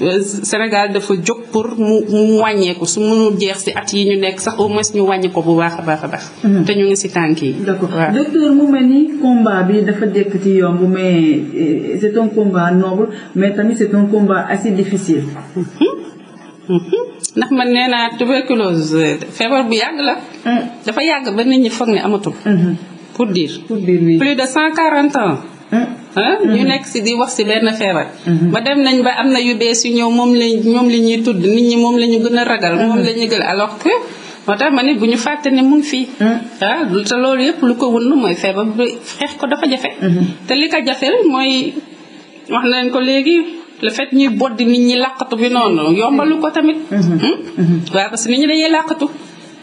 euh, Sénégal dafa jóg pour mu mu wàññeeku su mënul jeex si at yi ñu nekk sax au moins ñu wàññi ko bu baax a baax a baax. Mm-hmm. te ñu ngi si tànk yi. d'accord docteur mu mel ni combat bi dafa dekk ci yomb mais euh, c'est un combat noble mais tamit c'est un combat assez difficile. Mm-hmm. Mm-hmm. ndax man nee naa tuberculose feebar bu yàgg la. Mm. dafa yàgg ba nit ñi foog ne amatul. pour dire. plus de cent quarante ans. Mm-hmm. ñu nekk si di wax si benn feebar. Mm-hmm. ba dem nañ ba am na yu bees yu ñëw moom lañ ñoom la ñuy tudd nit ñi moom lañu gën a ragal. moom mm-hmm. la gën gën alors que moo tax ma nit bu ñu fàtte ne mu fii. ah te yëpp lu ko wënd mooy feebar bi xeex ko dafa jafe. te li ko jafeel mooy wax nañ ko léegi. le fait ñuy boddi nit ñi làqatu bi noonu yombalu ko tamit. Hmm? waaw parce que nit ñi dañuy làqatu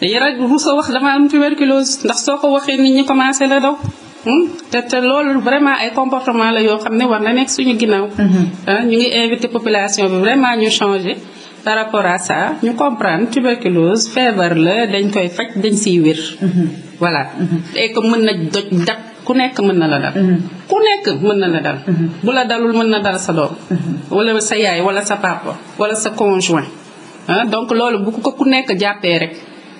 dañuy rag ruusa wax dama am tuberculose ndax soo ko waxee nit ñi commencé la daw. Hmm? te te loolu vraiment ay comportement la yoo xam ne war na nekk suñu ginnaaw. Mhm. Ah, ñu ngi invité population bi vraiment ñu changer par rapport à ça ñu comprendre tuberculose feebar la dañ koy faj dañ siy wér. Mhm. voilà mhm. et mën na doj dab ku nekk mën na la dal. ku nekk mën na la dal. bu la dalul mën na dal sa doom. wala sa yaay wala sa papa wala sa conjoint ah donc loolu bu ko ku nekk jàppee rek.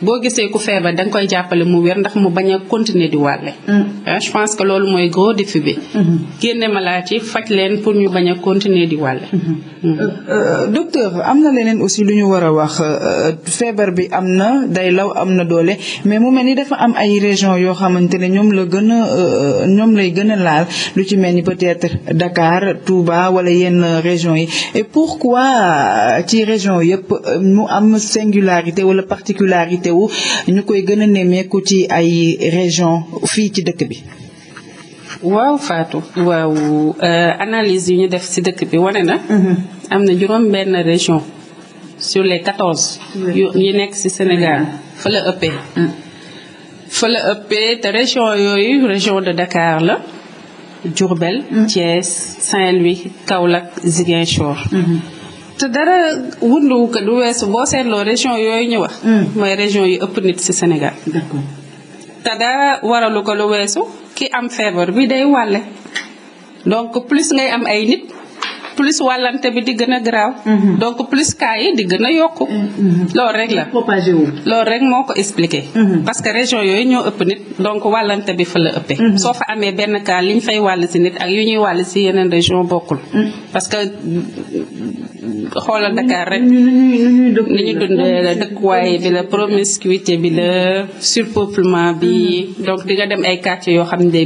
boo gisee ku feebar da nga koy jàppale mu wér ndax mu bañ a continuer di wàlle mm. ah, pense que loolu mooy gros défi bi mm-hmm. génne malaat yi faj leen pour ñu bañ a continuer di wàlle mm-hmm. mm. euh, euh, docteur am na leneen aussi lu ñu war a wax euh, feebar bi am na day law am na doole mais mu mel ni dafa am ay région yoo xamante ne ñoom la gën a ñoom lay gën a laal lu ci mel ni peut-être Dakar Touba wala yenn région yi et pourquoi ci région yëpp mu am singularité wala particularité manifesté wu ñu koy gën a nemmeeku ci ay région fii ci dëkk bi. waaw Fatou. waaw euh, analyse yu ñu def si dëkk bi wane na. Mhm. am na juróom benn région sur les quatorze. yu nekk ci Sénégal fa la ëppee. Mm. fa la ëppee te région yooyu région de Dakar la. Diourbel. Mm. Thiès Saint-Louis Kaolack Ziguinchor. Mhm. te dara wunduwu ko lu weesu boo seetloo région yooyu ñu wax. Mm. mooy région yi ëpp nit ci Sénégal. d'accord te dara waralu ko lu weesu ki am feebar bi day walle donc plus ngay am ay nit. plus wàllante bi di gën a graaw. Mhm. donc plus cas yi di gën a yokku. Mhm, mhm. loolu rek la loolu rek moo ko expliqué. parce que région yooyu ñoo ëpp nit donc wàllante bi fa la ëppee. soo fa amee benn cas li ñu fay wàll si nit ak yu ñuy wàll si yeneen région bokkul. parce que xoolal Dakar rek. ni ñu dundee la dëkkuwaay bi la promiscuité bi la surpeuplement bi donc di nga dem ay quartier yoo xam ne day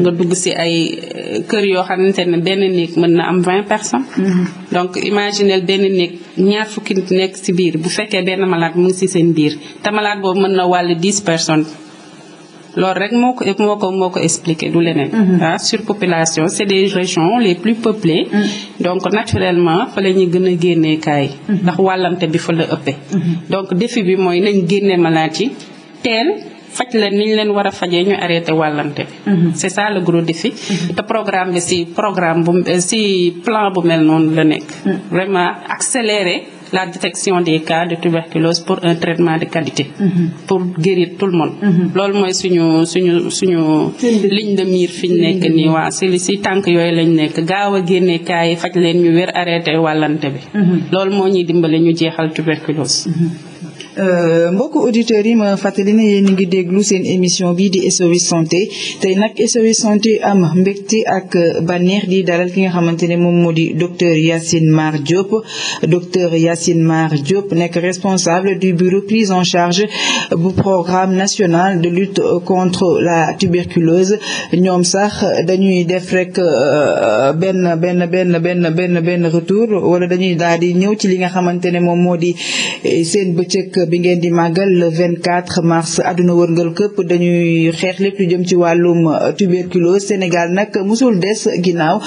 nga dugg si ay euh, kër yoo xamante ne benn néeg mën na am vingt personnes. Mm-hmm. donc imaginel benn néeg ñaar fukki nit nekk ci biir bu fekkee benn malade mu ngi ci seen biir te malade boobu mën na wàll dix personnes. loolu rek moo ko moo ko moo ko expliqué du leneen. Mm-hmm. ah population c'est des régions les plus peuplées. Mm. donc naturellement fa la ñuy gën a génnee kaay. Mm-hmm. ndax wàllante bi fa la ëppee. donc défi bi mooy nañ génne malade yi teel. faj leen ni ñu leen war a fajee ñu arrêté wàllante bi mhm. c'est ça le gros défi mhm. te programme bi si programme bu euh, si plan bu mel noonu la nekk mhm. vraiment accélérer la détection des cas de tuberculose pour un traitement de qualité pour guérir tout le monde lool mooy suñu suñu suñu liñ de mire fi ñu nekk nii waa si si tànk yooyu lañ nekk gaaw a génne cas yi faj leen ñu wér arrêté wàllante bi loolu moo ñuy dimbale ñu jeexal tuberculose Euh, mbokku auditeurs yi ma fàttali ne yéen a ngi déglu seen émission bi di SOS santé tey nag SOS santé am mbégte ak bànneex di daral ki nga xamante ne moom moo di docteur Yacine Mar Diop docteur Yacine Mar Diop nekk responsable du bureau prise en charge bu programme national de lutte contre la tuberculose ñoom sax dañuy def rek euh, benn benn benn benn benn benn retour wala dañuy daal di ñëw ci li nga xamante ne moom moo di eh, seen bëccëg bi ngeen di màggal le 24 mars àdduna wërngal këpp dañuy xeex lépp lu jëm ci wàllum euh, tuberculose Sénégal nag musul des ginnaaw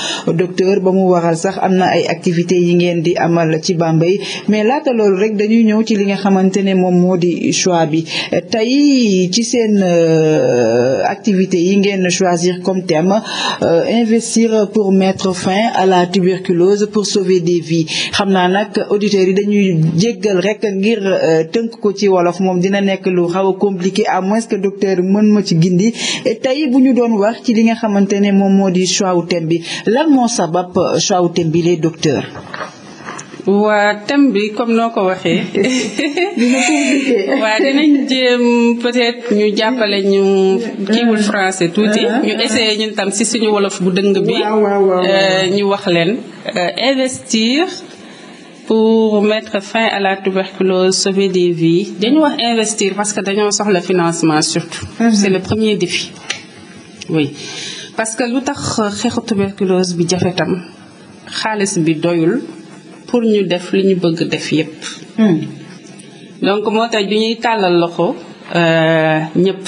docteur ba mu waral sax am na ay activité yi ngeen di amal ci Bambey mais laata loolu rek dañuy ñëw ci li nga xamante ne moom moo di choix bi tey ci seen euh, activité yi ngeen choisir comme thème euh, investir pour mettre fin à la tuberculose pour sauver des vies xam naa nag auditeurs yi dañuy jéggal rek ngir tënk tënk ko ci wolof moom dina nekk lu xaw a compliqué à moins que docteur mën ma ci gindi tey bu ñu doon wax ci li nga xamante ne moom moo di choix wu bi lan moo sabab choix wu bi les docteurs. waa thème bi comme noo ko waxee. dina compliqué. waa dinañ jéem peut-être ñu jàppale ñu kiiwul français tuuti. Uh-huh. ñu essayé ñun tam si suñu wolof bu dëng bi. Euh, ñu wax leen euh, investir. pour mettre fin à la tuberculose sauver des vies dañu wax investir parce que dañoo soxla financement surtout mhm. c'est le premier défi oui parce que lu tax xeexu tuberculose bi jafe tam xaalis bi doyul pour ñu def li ñu bëgg def yépp hmm. donc moo tax du ñuy tàllal loxo euh, ñépp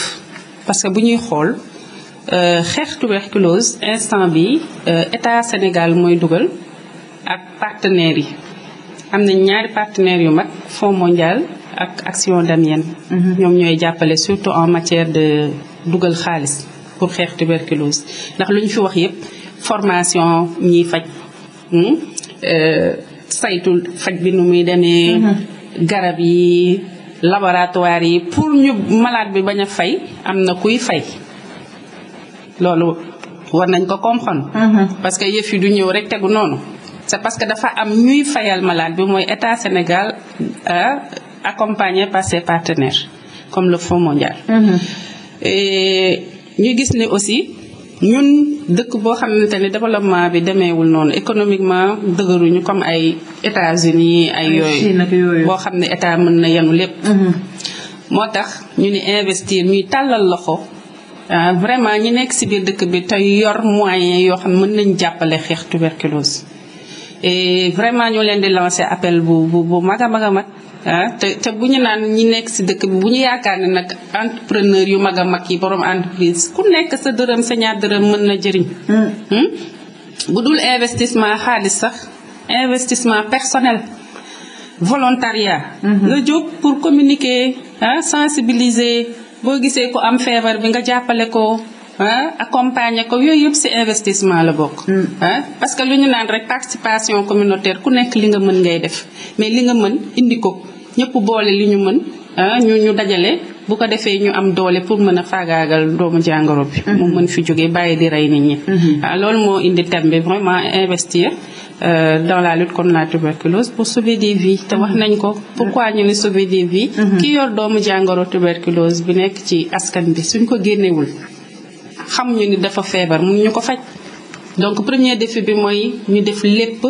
parce que bu ñuy xool euh, xeex tuberculose instant bi euh, état Sénégal mooy dugal ak partenaires yi am nañ ñaari partenaires yu mag Fonds mondiale ak Action Damienne mhm. ñoom ñooy jàppale surtout en matière de dugal xaalis pour xeex tuberculose ndax lu ñu fi wax yépp formation ñiy faj hmm, euh, saytu faj bi nu muy demee mhm. garab yi laboratoire yi pour ñu malade bi bañ a fay am na kuy fay loolu war nañ ko comprendre mhm. parce que yëf yi du ñëw rek tegu noonu c'est parce que dafa am ñuy fayal malade bi mooy état Sénégal euh, accompagné par ses partenaires comme le Fonds mondial. Mhm. ñu gis ni aussi ñun dëkk boo xamante ne développement bi demeewul noonu économiquement dëgëruñu comme ay États-Unis ay yooyu boo xam ne état mën na yenu lépp. Mhm. moo tax ñu ni investir ñuy tàllal loxo ah, vraiment ñi nekk ci biir dëkk bi tey yor moyen yoo xam ne mën nañ jàppale xeex tuberculose. et vraiment ñoo leen di lancer appel bu bu bu mag a mag a mag ah te te bu ñu naan ñi nekk si dëkk bi bu ñu yaakaar ne nag entrepreneur yu mag a mag yi borom entreprise ku nekk sa dërëm sa ñaar dërëm mën na jëriñ. Hmm. Hmm? bu dul investissement xaalis sax investissement personnel volontariat. Hmm. nga jóg pour communiquer ah, sensibiliser boo gisee ko am feebar bi nga jàppale ko. ah accompagner ko yooyu yëpp ci investissement la bokk. Mm. parce que lu ñu naan rek participation communautaire ku nekk li nga mën ngay def mais li nga mën indi ko ñëpp boole li ñu mën ah ñu ñu dajale bu ko defee ñu am doole pour mën a faagaagal doomu jàngoro bi. Mm-hmm. mu mën fi jógee bàyyi di rey nit ñi. Mm-hmm. Ah, loolu moo indi thème bi vraiment investir. Euh, dans la lutte contre la tuberculose pour sauver des vies te wax mm-hmm. nañ ko pourquoi ñu ne sauver des vies ki yor doomu jàngoro tuberculose bi nekk ci askan bi suñ ko génnewul xamuñu ni dafa feebar mun ñu ko faj donc premier defi bi mooy ñu def lépp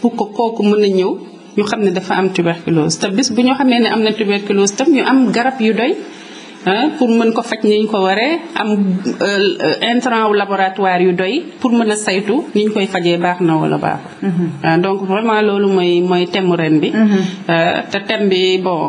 pour ko kooku mën na ñëw ñu xam ne dafa am tuberculose te bis bu ñu xamee ne am na tuberculose tam ñu am garab yu doy pour mën ko faj ni ñu ko waree am euh, euh, intrant wu laboratoire yu doy pour mën a saytu ni ñu koy fajee baax na wala baaxul. Mm-hmm. donc vraiment loolu mooy mooy thème bi. Mm-hmm. Euh, te thème bi bon.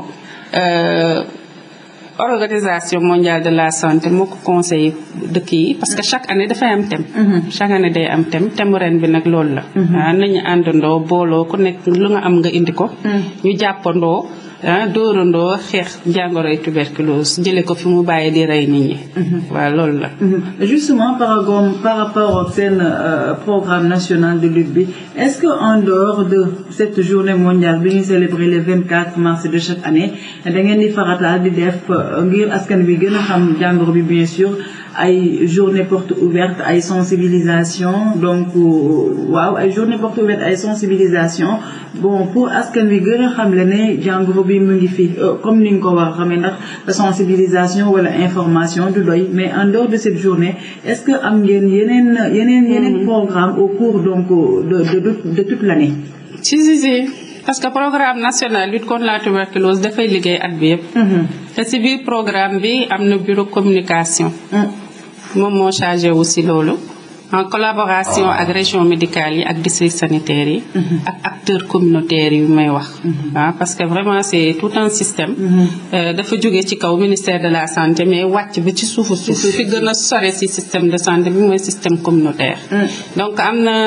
organisation mondiale de la santé moo ko conseillé dëkk yi parce que chaque année dafay am thème. Mhm. chaque année day am tem thème ren bi nag loolu la. Mhm. Ah, nañu àndandoo booloo ku nekk lu nga am nga indi ko. Mhm. ñu jàppandoo. ah dóorandoo xeex jàngoroy tuberculose jëlee ko fi mu bàyyi di rey nii ñi. Mm-hmm. waaw loolu la. Mm-hmm. justement par rapport par rapport seen euh, programme national de lutte bi est-ce que en dehors de cette journée mondiale bi ñu célébrer le 24 mars de chaque année da ngeen di farataal di def euh, ngir askan bi gën a xam jàngoro bi bien sûr. ay journée porte ouverte ay sensibilisation donc euh, waaw ay journée porte ouverte ay sensibilisation bon pour askan wi gën a xam le ne jàngoro bi mu ngi fii euh, comme ni nga ko war xamee ndax sensibilisation wala information du doy mais en dehors de cette journée est-ce que am ngeen yeneen yeneen yeneen hmm. programme au cours donc de toute l'année parce que programme national lutte contre la tuberculose dafay liggéey at bi yëpp. Mhm. te ci biir programme bi am na bureau communication. Mm. moom moo chargé wu ci loolu. en collaboration ak région médicale yi ak district sanitaire yi mhm. ak acteurs communautaires yu may wax mhm. ah parce que vraiment c'est tout un système mhm. euh, dafa jóge ci kaw ministère de la santé mais wàcc bi ci suufu suuf fi gën a sore si système de santé bi mooy système communautaire mm. donc am na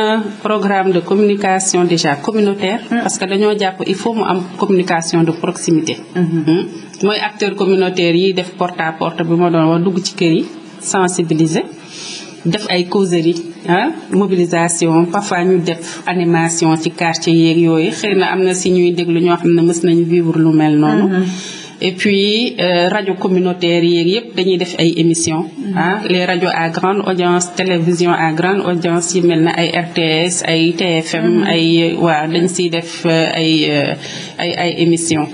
programme de communication déjà communautaire mm. parce que dañoo jàpp il faut mu am communication de proximité mm-hmm. mm. mooy acteurs communautaires yi def porte à porte bi ma doon wax dugg ci kër yi sensibiliser def ay causerie ah mobilisation parfois ñu def animation ci quartier yeeg yooyu xëy na am na si ñuy déglu ñoo xam ne mës nañu vivre lu mel noonu. Mm-hmm. et puis euh, rajo communautaire yeeg yëpp dañuy def ay émissions. ah les rajo à grande audience télévision à grande audience yi mel na ay RTS ay TFM mm mm-hmm. ay waaw dañ si def euh, euh, ay ay émissions.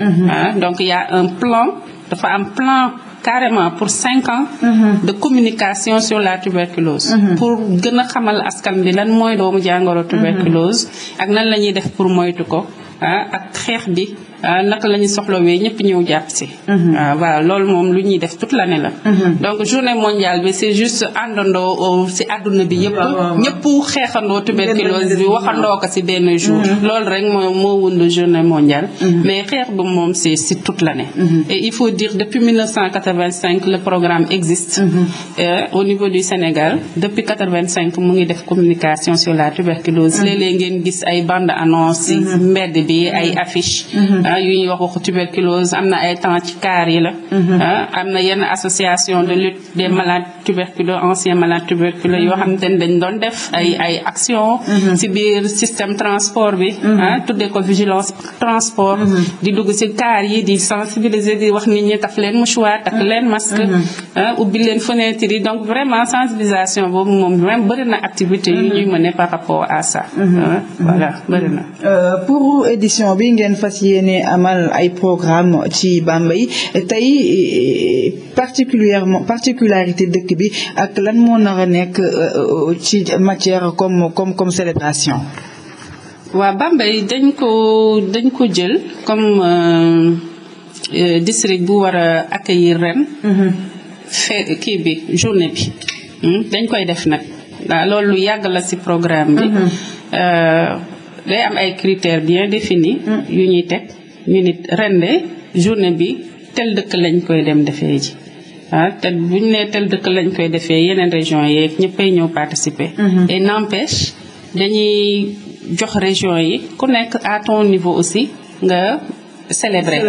donc y a plan dafa am plan. carrément pour cinq ans. Mm-hmm. de communication sur la tuberculose. Mm-hmm. pour gën a xamal askan bi lan mooy doomu jàngoro tuberculose. Mm-hmm. ak nan la ñuy def pour moytu ko ah ak xeex bi. Euh, naka la ñu soxlawee ñëpp ñëw jàpp si. waaw mhm. euh, loolu moom lu ñuy def toute l'année la. Mhm. donc journée mondiale bi c'est juste àndandoo euh, si àdduna bi yëpp. Ah, ñëpp xeexandoo tuberculose bi waxandoo ko si benn jour. lool rek moo moo wund journée mondiale. Mhm. mais xeex bi moom c'est si toute l'année. et il faut dire depuis 1985 le programme existe. au niveau du Sénégal depuis 85 mu ngi def communication sur la tuberculose. léeg-léeg ngeen gis ay bande annonce si mbedd bi ay affiches. yu ñuy wax waxu tuberculose am na ay temps ci CAR yi la mhm. ah, am na yenn association de lutte des malades tuberculeux anciens malades tuberculeux mhm. yoo xam te ne dañ doon def ay ay action mhm. ci biir système transport bi ah, tuddee ko vigilance transport di dugg ci CAR yi di sensibiliser di wax nit ñi taf leen mouchoir tak leen masque ah, ubbi leen fenêtre yi donc vraiment sensibilisation boobu moom même bëri na activité yu ñuy mëne par rapport à ça voilà euh, pour édition bi ngeen amal ay programme ci Bambey tey particulièrement particularité dëkk bi ak lan moo nar nekk euh, euh, ci matière comme comme comme célébration. waa Bambey dañ ko dañ ko jël comme euh, district bu war a accueillir ren. Mhm. fee kii bi journée bi. Hmm, dañ koy def nag waaw loolu yàgg la ci programme bi. Mhm. day am ay critères bien définis. Mhm. yu ñuy teg. ñu nit ren de journée bi tel dëkk lañ koy dem defee ji ah te bu ñu tel dëkk lañ koy defee yeneen région yeeg ñëppay ñëw participer. Mhm. et n'empêche dañuy jox région yi ku nekk à ton niveau aussi nga. célébrer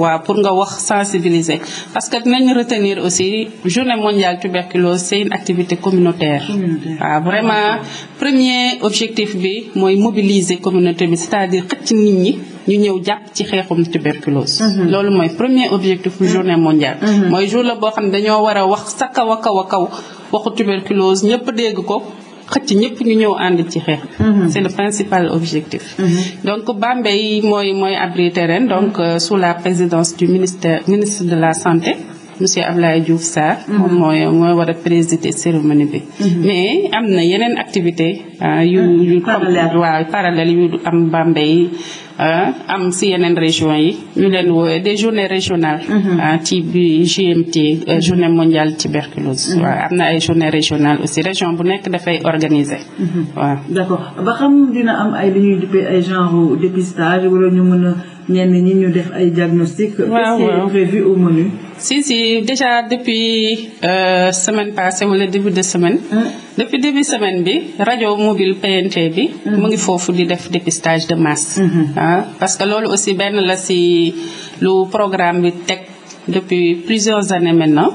waa pour nga wax sensibiliser parce que dinañ retenir aussi journée mondiale tuberculose c'est une activité communautaire waaw ah, vraiment premier objectif bi mooy mobiliser communauté bi c'est-à-dire xëcc nit ñi ñu ñëw jàpp ci xeexum tuberculose mhm. loolu mooy premier objectif journée mhm. mondiale mhm. mooy jour la boo xam ne dañoo war a wax sa kaw a kaw a kaw waxu tuberculose ñëpp dégg ko xëcc ñëpp ñu ñëw ànd ci xeex c'est le principal objectif mm -hmm. donc Bambey mooy mooy abriter ren donc euh, su la présidence du ministère ministre de la santé monsieur Ablaye Diouf Sarr. Mhm. moom mooy mooy war a présider cérémonie bi. Mhm. mais am na yeneen activité euh, yu ah, yu comme waaw parallèle du am Bambey euh, am si yeneen région yi ñu leen woowe des journées régionales ci bi GMT journée mondiale tuberculose mhm. waa am na ay journées régional aussi région bu nekk dafay organiser waaw d'accord ba xam dina am ay lu ñuy duppee ay genre dépistage wala ñu mën a ñenn ñi ñu def ay diagnostic waaw waaw prévu au menu si si déjà depuis euh, semaine passée wala début de semaine mm. depuis début semaine bi rajo mobile PNT bi mu ngi foofu di def dépistage de masse ah, parce que loolu aussi benn la si lu programme bi teg depuis plusieurs années maintenant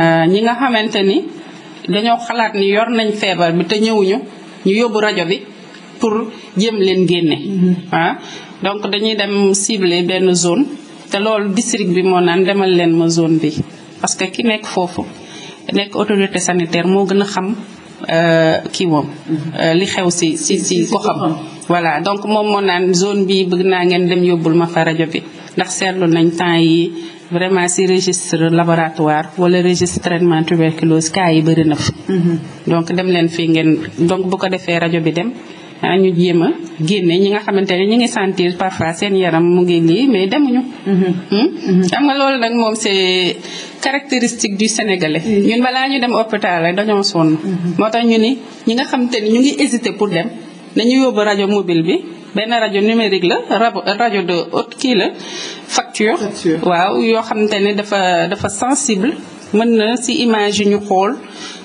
euh, ñi nga xamante ni dañoo xalaat ni yor nañ feebar bi te ñëwuñu ñu yóbbu rajo bi pour jéem leen génne ah donc dañuy dem cibler benn zone te loolu district bi moo naan demal leen ma zone bi parce que ki nekk foofu nekk autorité sanitaire moo gën a xam euh, kii moom euh, li xew si si si ko xam voilà donc moom moo naan zone bi bëgg naa ngeen dem yóbbul ma fa rajo bi ndax seetlu nañ temps yi vraiment si registre laboratoire wala registre traitement tuberculose cas yi bëri na fa mm-hmm. donc dem leen fii ngeen donc bu ko defee rajo bi dem Ah, ñu jéem a génne ñi nga xamante ne ñu ngi sentir parfois seen yaram mu ngi lii mais demuñu. Mm-hmm. Hmm? Mm-hmm. xam nga loolu nag moom c'est caractéristique du sénégalais. Mm-hmm. ñun balaa ñu dem hôpital rek dañoo sonn. moo tax ñu ni ñi nga xamante ni ñu ngi hésité pour dem nañu yóbbu rajo mobile bi. benn rajo numérique la rajo de haute kii la facture. waaw yoo xamante ne dafa dafa sensible mën na si image yi ñu xool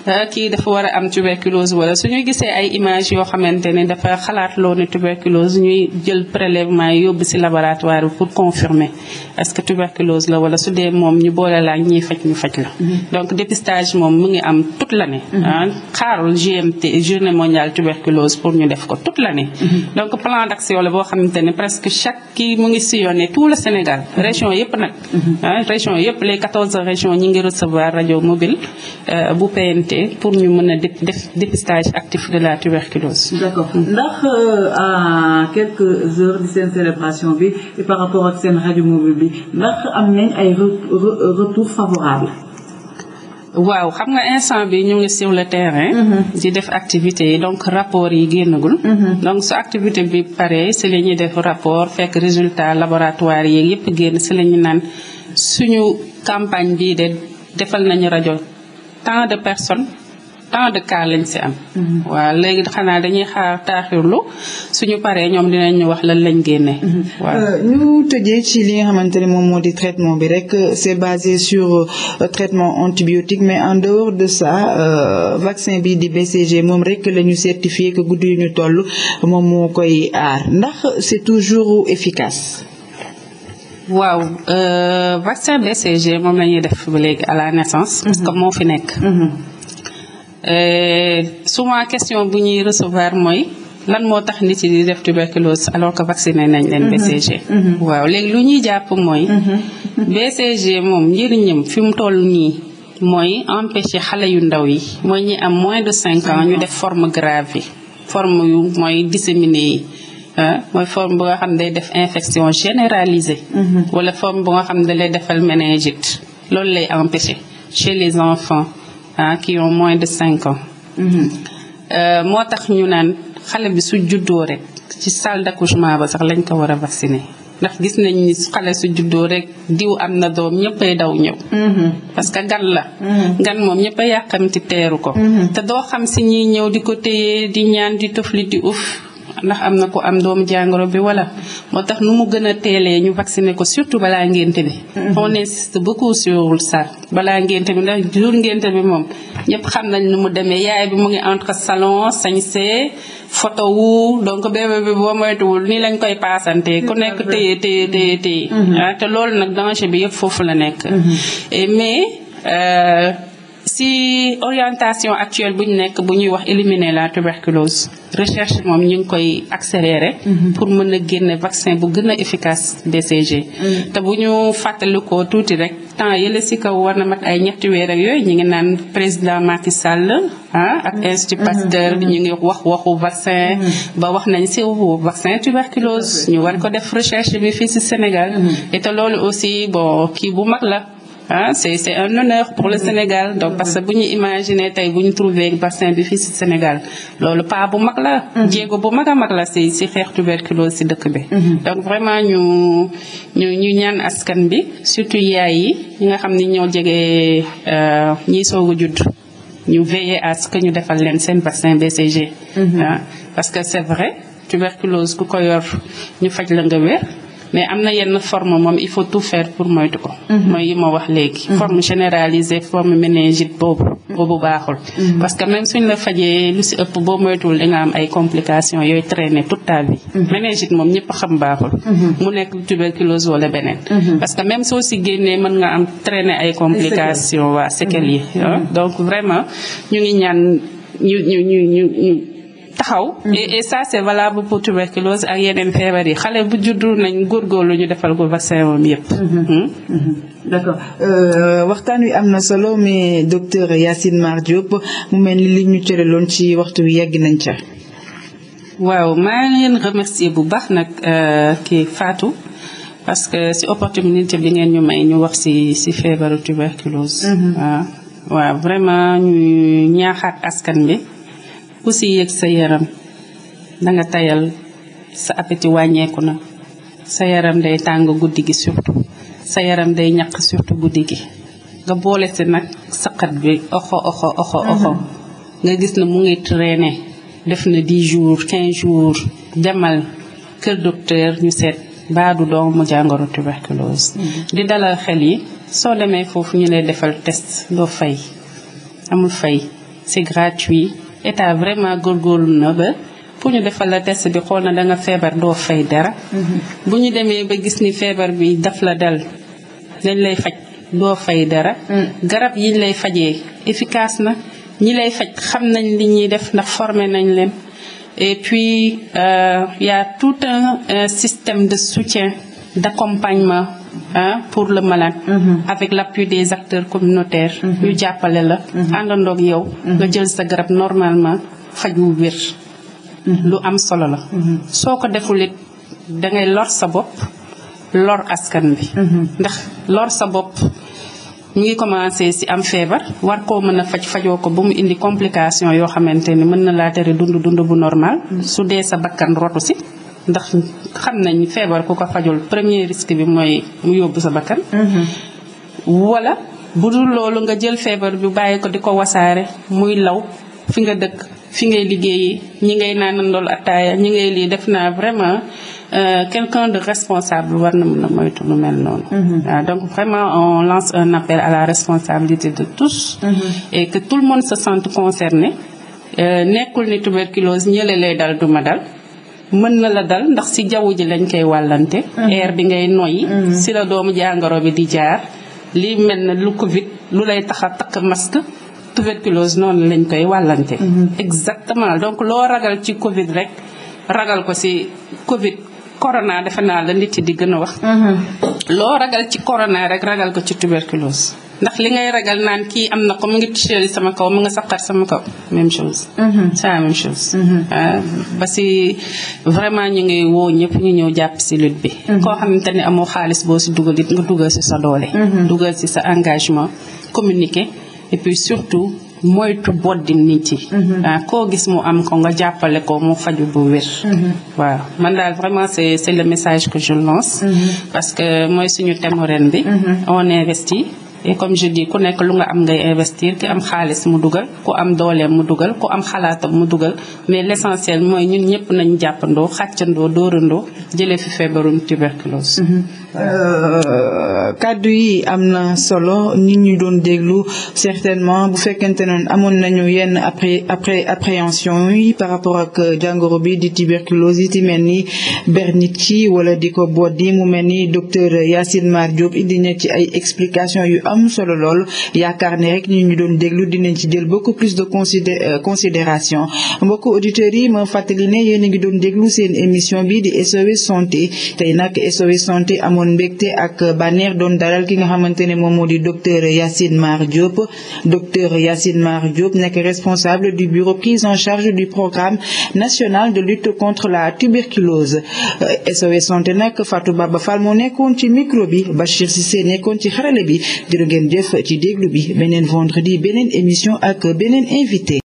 Euh, kii dafa war a am tuberculose wala suñu gisee ay image yoo xamante ne dafa xalaat loo ne tuberculose ñuy jël prélèvement yi yóbbu ci laboratoire pour confirmer est-ce que tuberculose la wala su dee moom ñu boole laa ñiy faj ñu faj la mm-hmm. donc dépistage moom mu ngi am toute l'année mm-hmm. ah, xaarul GMT journée mondiale tuberculose pour ñu def ko toute l'année mm-hmm. donc plan d'action la boo xamante ne presque chaque kii mu ngi sillonné tout le Sénégal région yëpp nag ah, région yëpp les quatorze régions ñi ngi recevoir radio mobile euh, bu PNP pour ñu mën a def dépistage actif de la tuberculose. d'accord ndax euh, à quelques heures di seen célébration bi ndax am nañ ay retour favorable waaw xam nga instant bi ñu ngi sur le terrain. Mm-hmm. di def activité yi donc rapport yi génnagul. Mm-hmm. donc su activité bi pare si la ñuy def rapport fekk résultat laboratoire yeeg yépp génn si la naan suñu campagne bii de defal nañu rajo. tant de personnes tant de cas lañ si am. Mhm. waaw léegi xanaa dañuy xaar taaxirlu suñu paree ñoom dinañ wax lan lañ génne mhm. waaw euh, ñu tëjee ci li nga xamante ne moom moo di traitement bi rek c'est basé sur euh, traitement antibiotique mais en dehors de ça euh, vaccin bi di BCG moom rek la ñu certifié que guddi yu ñu toll moom moo koy aar ndax c'est toujours efficace. waaw euh, vaccin BCG moom lañuy def ba léegi à la naissance. parce mhm. moo fi nekk. Mhm. Euh, suma question bu ñuy recevoir mooy lan moo tax nit yi di def tuberculose alors que vacciné nañ leen. Mhm. BCG. waaw léegi lu ñuy jàpp mooy. BCG moom njëriñam fi mu toll nii. mooy empêcher xale yu ndaw yi mooy ñu am moins de cinq ans ñu def forme grave yi forme yu mooy disséminé yi Euh, mooy forme bu nga xam ne day def infection généralisée. Mhm. wala forme bu nga xam ne da lay defal méningite loolu lay empêcher chez les enfants ah qui moins de cinq ans. Mhm. Euh, moo tax ñu naan xale bi su juddoo rek ci salle d'accouchement ba sax lañ ko war a vacciner ndax gis nañ xale su juddoo rek diw am na doom ñëppay daw ñëw. Mhm. parce que gan la. gan moom ñëpp a yàqamti teeru ko. te doo xam si ñiy ñëw di ko téye di ñaan di tofli di uf ndax am na ko am doomu jàngoro bi wala moo tax nu mu gën a teelee ñu vacciner ko surtout balaa ngénte bi mm-hmm. on insiste beaucoup sur ça balaa ngénte bi ndax jour ngénte bi moom ñëpp xam nañ nu mu demee yaay bi mu ngi entre salon sañsee photo wu donc bébé bi boo moytuwul nii lañ koy paasante ku nekk mm-hmm. téye téye téye téye mm-hmm. ah, te loolu nag danger bi yëpp foofu la nekk mais euh, si orientation actuelle bu ñu nekk bu ñuy wax éliminer la tuberculose recherche moom ñu ngi koy accélérer. Mhm. pour mën a génne vaccin bu gën a efficace BCG. Mhm. te bu ñu fàttalikoo tuuti rek temps yële si kaw war na mat ay ñetti weer ak yooyu ñu ngi naan président Macky Sall ah ak mhm. institut Pasteur ñu ngi wax waxu vaccin. ba wax nañ si vaccin tuberculose ñu war ko def recherche bi fii si Sénégal. et loolu aussi bon kii bu mag la. ah c' est c' est un honneur pour le Sénégal donc parce que bu ñu imaginer tey bu ñu trouver bassin bi fii si Sénégal loolu pas bu mag la. Mm-hmm. jéego bu mag a mag la si si xeex tuberculose si dëkk bi. Mm-hmm. donc vraiment ñu ñu ñu ñaan askan bi surtout yaay yi ñi nga xam ni ñoo jege euh, ñiy soog a judd. ñu veiller à ce ñu defal leen seen bassin BCG. Mm-hmm. Ah, parce que c' est vrai tuberculose ku ko yor ñu faj la nga wér. mais am na yenn forme moom il faut tout faire pour moytu ko mhm. mooy yi ma wax léegi mhm. forme généralisée forme méningite boobu mhm. boobu baaxul parce que même suñ la fajee lu si ëpp boo moytuwul di am ay complications yooyu traîner toute ta vie moom ñëpp xam baaxul mu nekk tuberculose wala beneen parce que soo si génnee mën nga am traîner ay complications waa séquelles yi donc vraiment ñu ngi ñaan ñu ñu taxaw. Mm-hmm. et ça c' est valable pour tuberculose ak yeneen feebar yi xale bu juddu nañ góorgóorlu ñu defal ko vaccin moom yëpp. d' waxtaan wi am na solo mais docteur Yacine Mar mu mel ni li ñu cëraloon ci waxtu wi yegg nañ ca. waaw maa ngi leen remercier bu baax nag euh, ki faatu parce que si opportunité bi ngeen ñu may ñu wax si si feebaru tuberculose. Mm-hmm. waaw vraiment ñu ñaaxaat askan bi. ku si yëg sa yaram da nga tayal sa appétit wàññeeku na sa yaram day tàng guddi gi surtout sa yaram day ñaq surtout guddi gi nga boole si nag saqat bi oxo oxo oxo mhm. nga gis na mu ngi traîner def na di jours 15 jours demal kër docteur ñu seet baadu doomu jàngoro tuberculose mhm. di dalal xel yi soo demee foofu ñu lay defal test doo fay amul fay c'est gratuit état vraiment góorgóorlu na ba pour ñu defal la test bi xool na da nga feebar doo fay dara. Mm-hmm. bu ñu demee ba gis ni feebar bi daf la dal dañ lay faj doo fay dara. Mm. garab yiñ lay fajee efficace na ñi lay faj xam nañ li ñuy def ndax formé nañ leen. et puis euh, tout un, système de soutien d'accompagnement pour le malade. Mm-hmm. avec l'appui des acteurs communautaires. Mm-hmm. ñu jàppale la. Mm-hmm. àndandoog yow. nga jël sa garab normalement faj wu wér. lu am solo la. soo ko deful it da ngay lor sa bopp lor askan bi. ndax lor sa bopp. mu ngi commencé si am feebar war koo mën a faj fajoo ko ba mu indi complication yoo xamante ni mën na laa tere dund dund bu normal su dee sa bakkan rotu si ndax xam nañ feebar ku ko fajul premier risque bi mooy mu yóbbu sa bakkan mhm. wala bu dul loolu nga jël feebar bu bàyyi ko di ko wasaare muy law fi nga dëkk fi ngay liggéeyi ñi ngay naanandool ataaya ñi ngay lii def naa vraiment euh, quelqu'un de responsable war na mën a moytu lu mel noonu mhm. waaw donc vraiment on lance un appel à la responsabilité de tous mhm. et que tout le monde sa sente concerné euh, nekkul ni tuberculose ñële lay dal du dal mën na la dal ndax si jaww ji lañ koy wàllante mhm. air bi ngay noyyi mhm. si la doomu jàngoro bi di jaar lii mel na lu covid lu lay tax a takk masque tuberculose noonu lañ koy wàllante mhm. exactement donc loo ragal ci covid rek ragal ko si covid corona defe naa la nit yi di gën a wax loo ragal ci corona rek ragal ko ci tuberculose ndax li ngay ragal naan kii am na ko mu ngi ticheli sama kaw mu nga saqar sama kaw même chose mhm. c'est la même chose mhm. euh, ba si vraiment ñu ngi woo ñëpp ñu ñëw jàpp si lutte bi mhm. koo xamante ne amoo xaalis boo si dugal nga dugal si sa doole dugal si sa engagement communiqué et puis surtout moytu boddi nit yi euh, koo gis mu am ko nga jàppale ko mu faju bu wér waaw man daal vraiment c'est c'est le message que je parce que mooy suñu thème ren bi on investit et comme je ku nekk lu nga am ngay investir ki am xaalis mu dugal ku am dooleem mu dugal ku am xalaatam mu dugal mais l' essentiel mooy ñun ñëpp nañu jàppandoo xàccandoo doorandoo jëlee fi feebarum tuberculose. Mm-hmm. Euh, kàddu yi am na solo ni ñu doon déglu certainement bu fekkente ne amoon nañu yenn après après appréhension yi par rapport ak euh, jàngoro bi di tuberculose yi ci mel ni Bernicci wala di ko boddi mu mel ni docteur Yacine Mar Diop indi na ci ay explication yu am solo lool yaakaar ne rek nit ñu doon déglu dinañ ci jël beaucoup plus de considé euh, considération mbokk auditeurs yi ma fàttali ne yéen a ngi doon déglu seen émission bi di SOS santé tey nag SOS santé amoon amoon mbégte ak bànneex doon dalal ki nga xamante ne moom moo di docteur Yacine Mar Diop docteur Yacine Mar Diop nekk responsable du bureau prise en charge du programme national de lutte contre la tuberculose SOS euh, santé nag Fatou Baba Fall moo nekkoon ci micro bi Bachir Cissé nekkoon ci xarale bi jërë ngeen jëf ci déglu bi beneen vendredi beneen émission ak beneen invité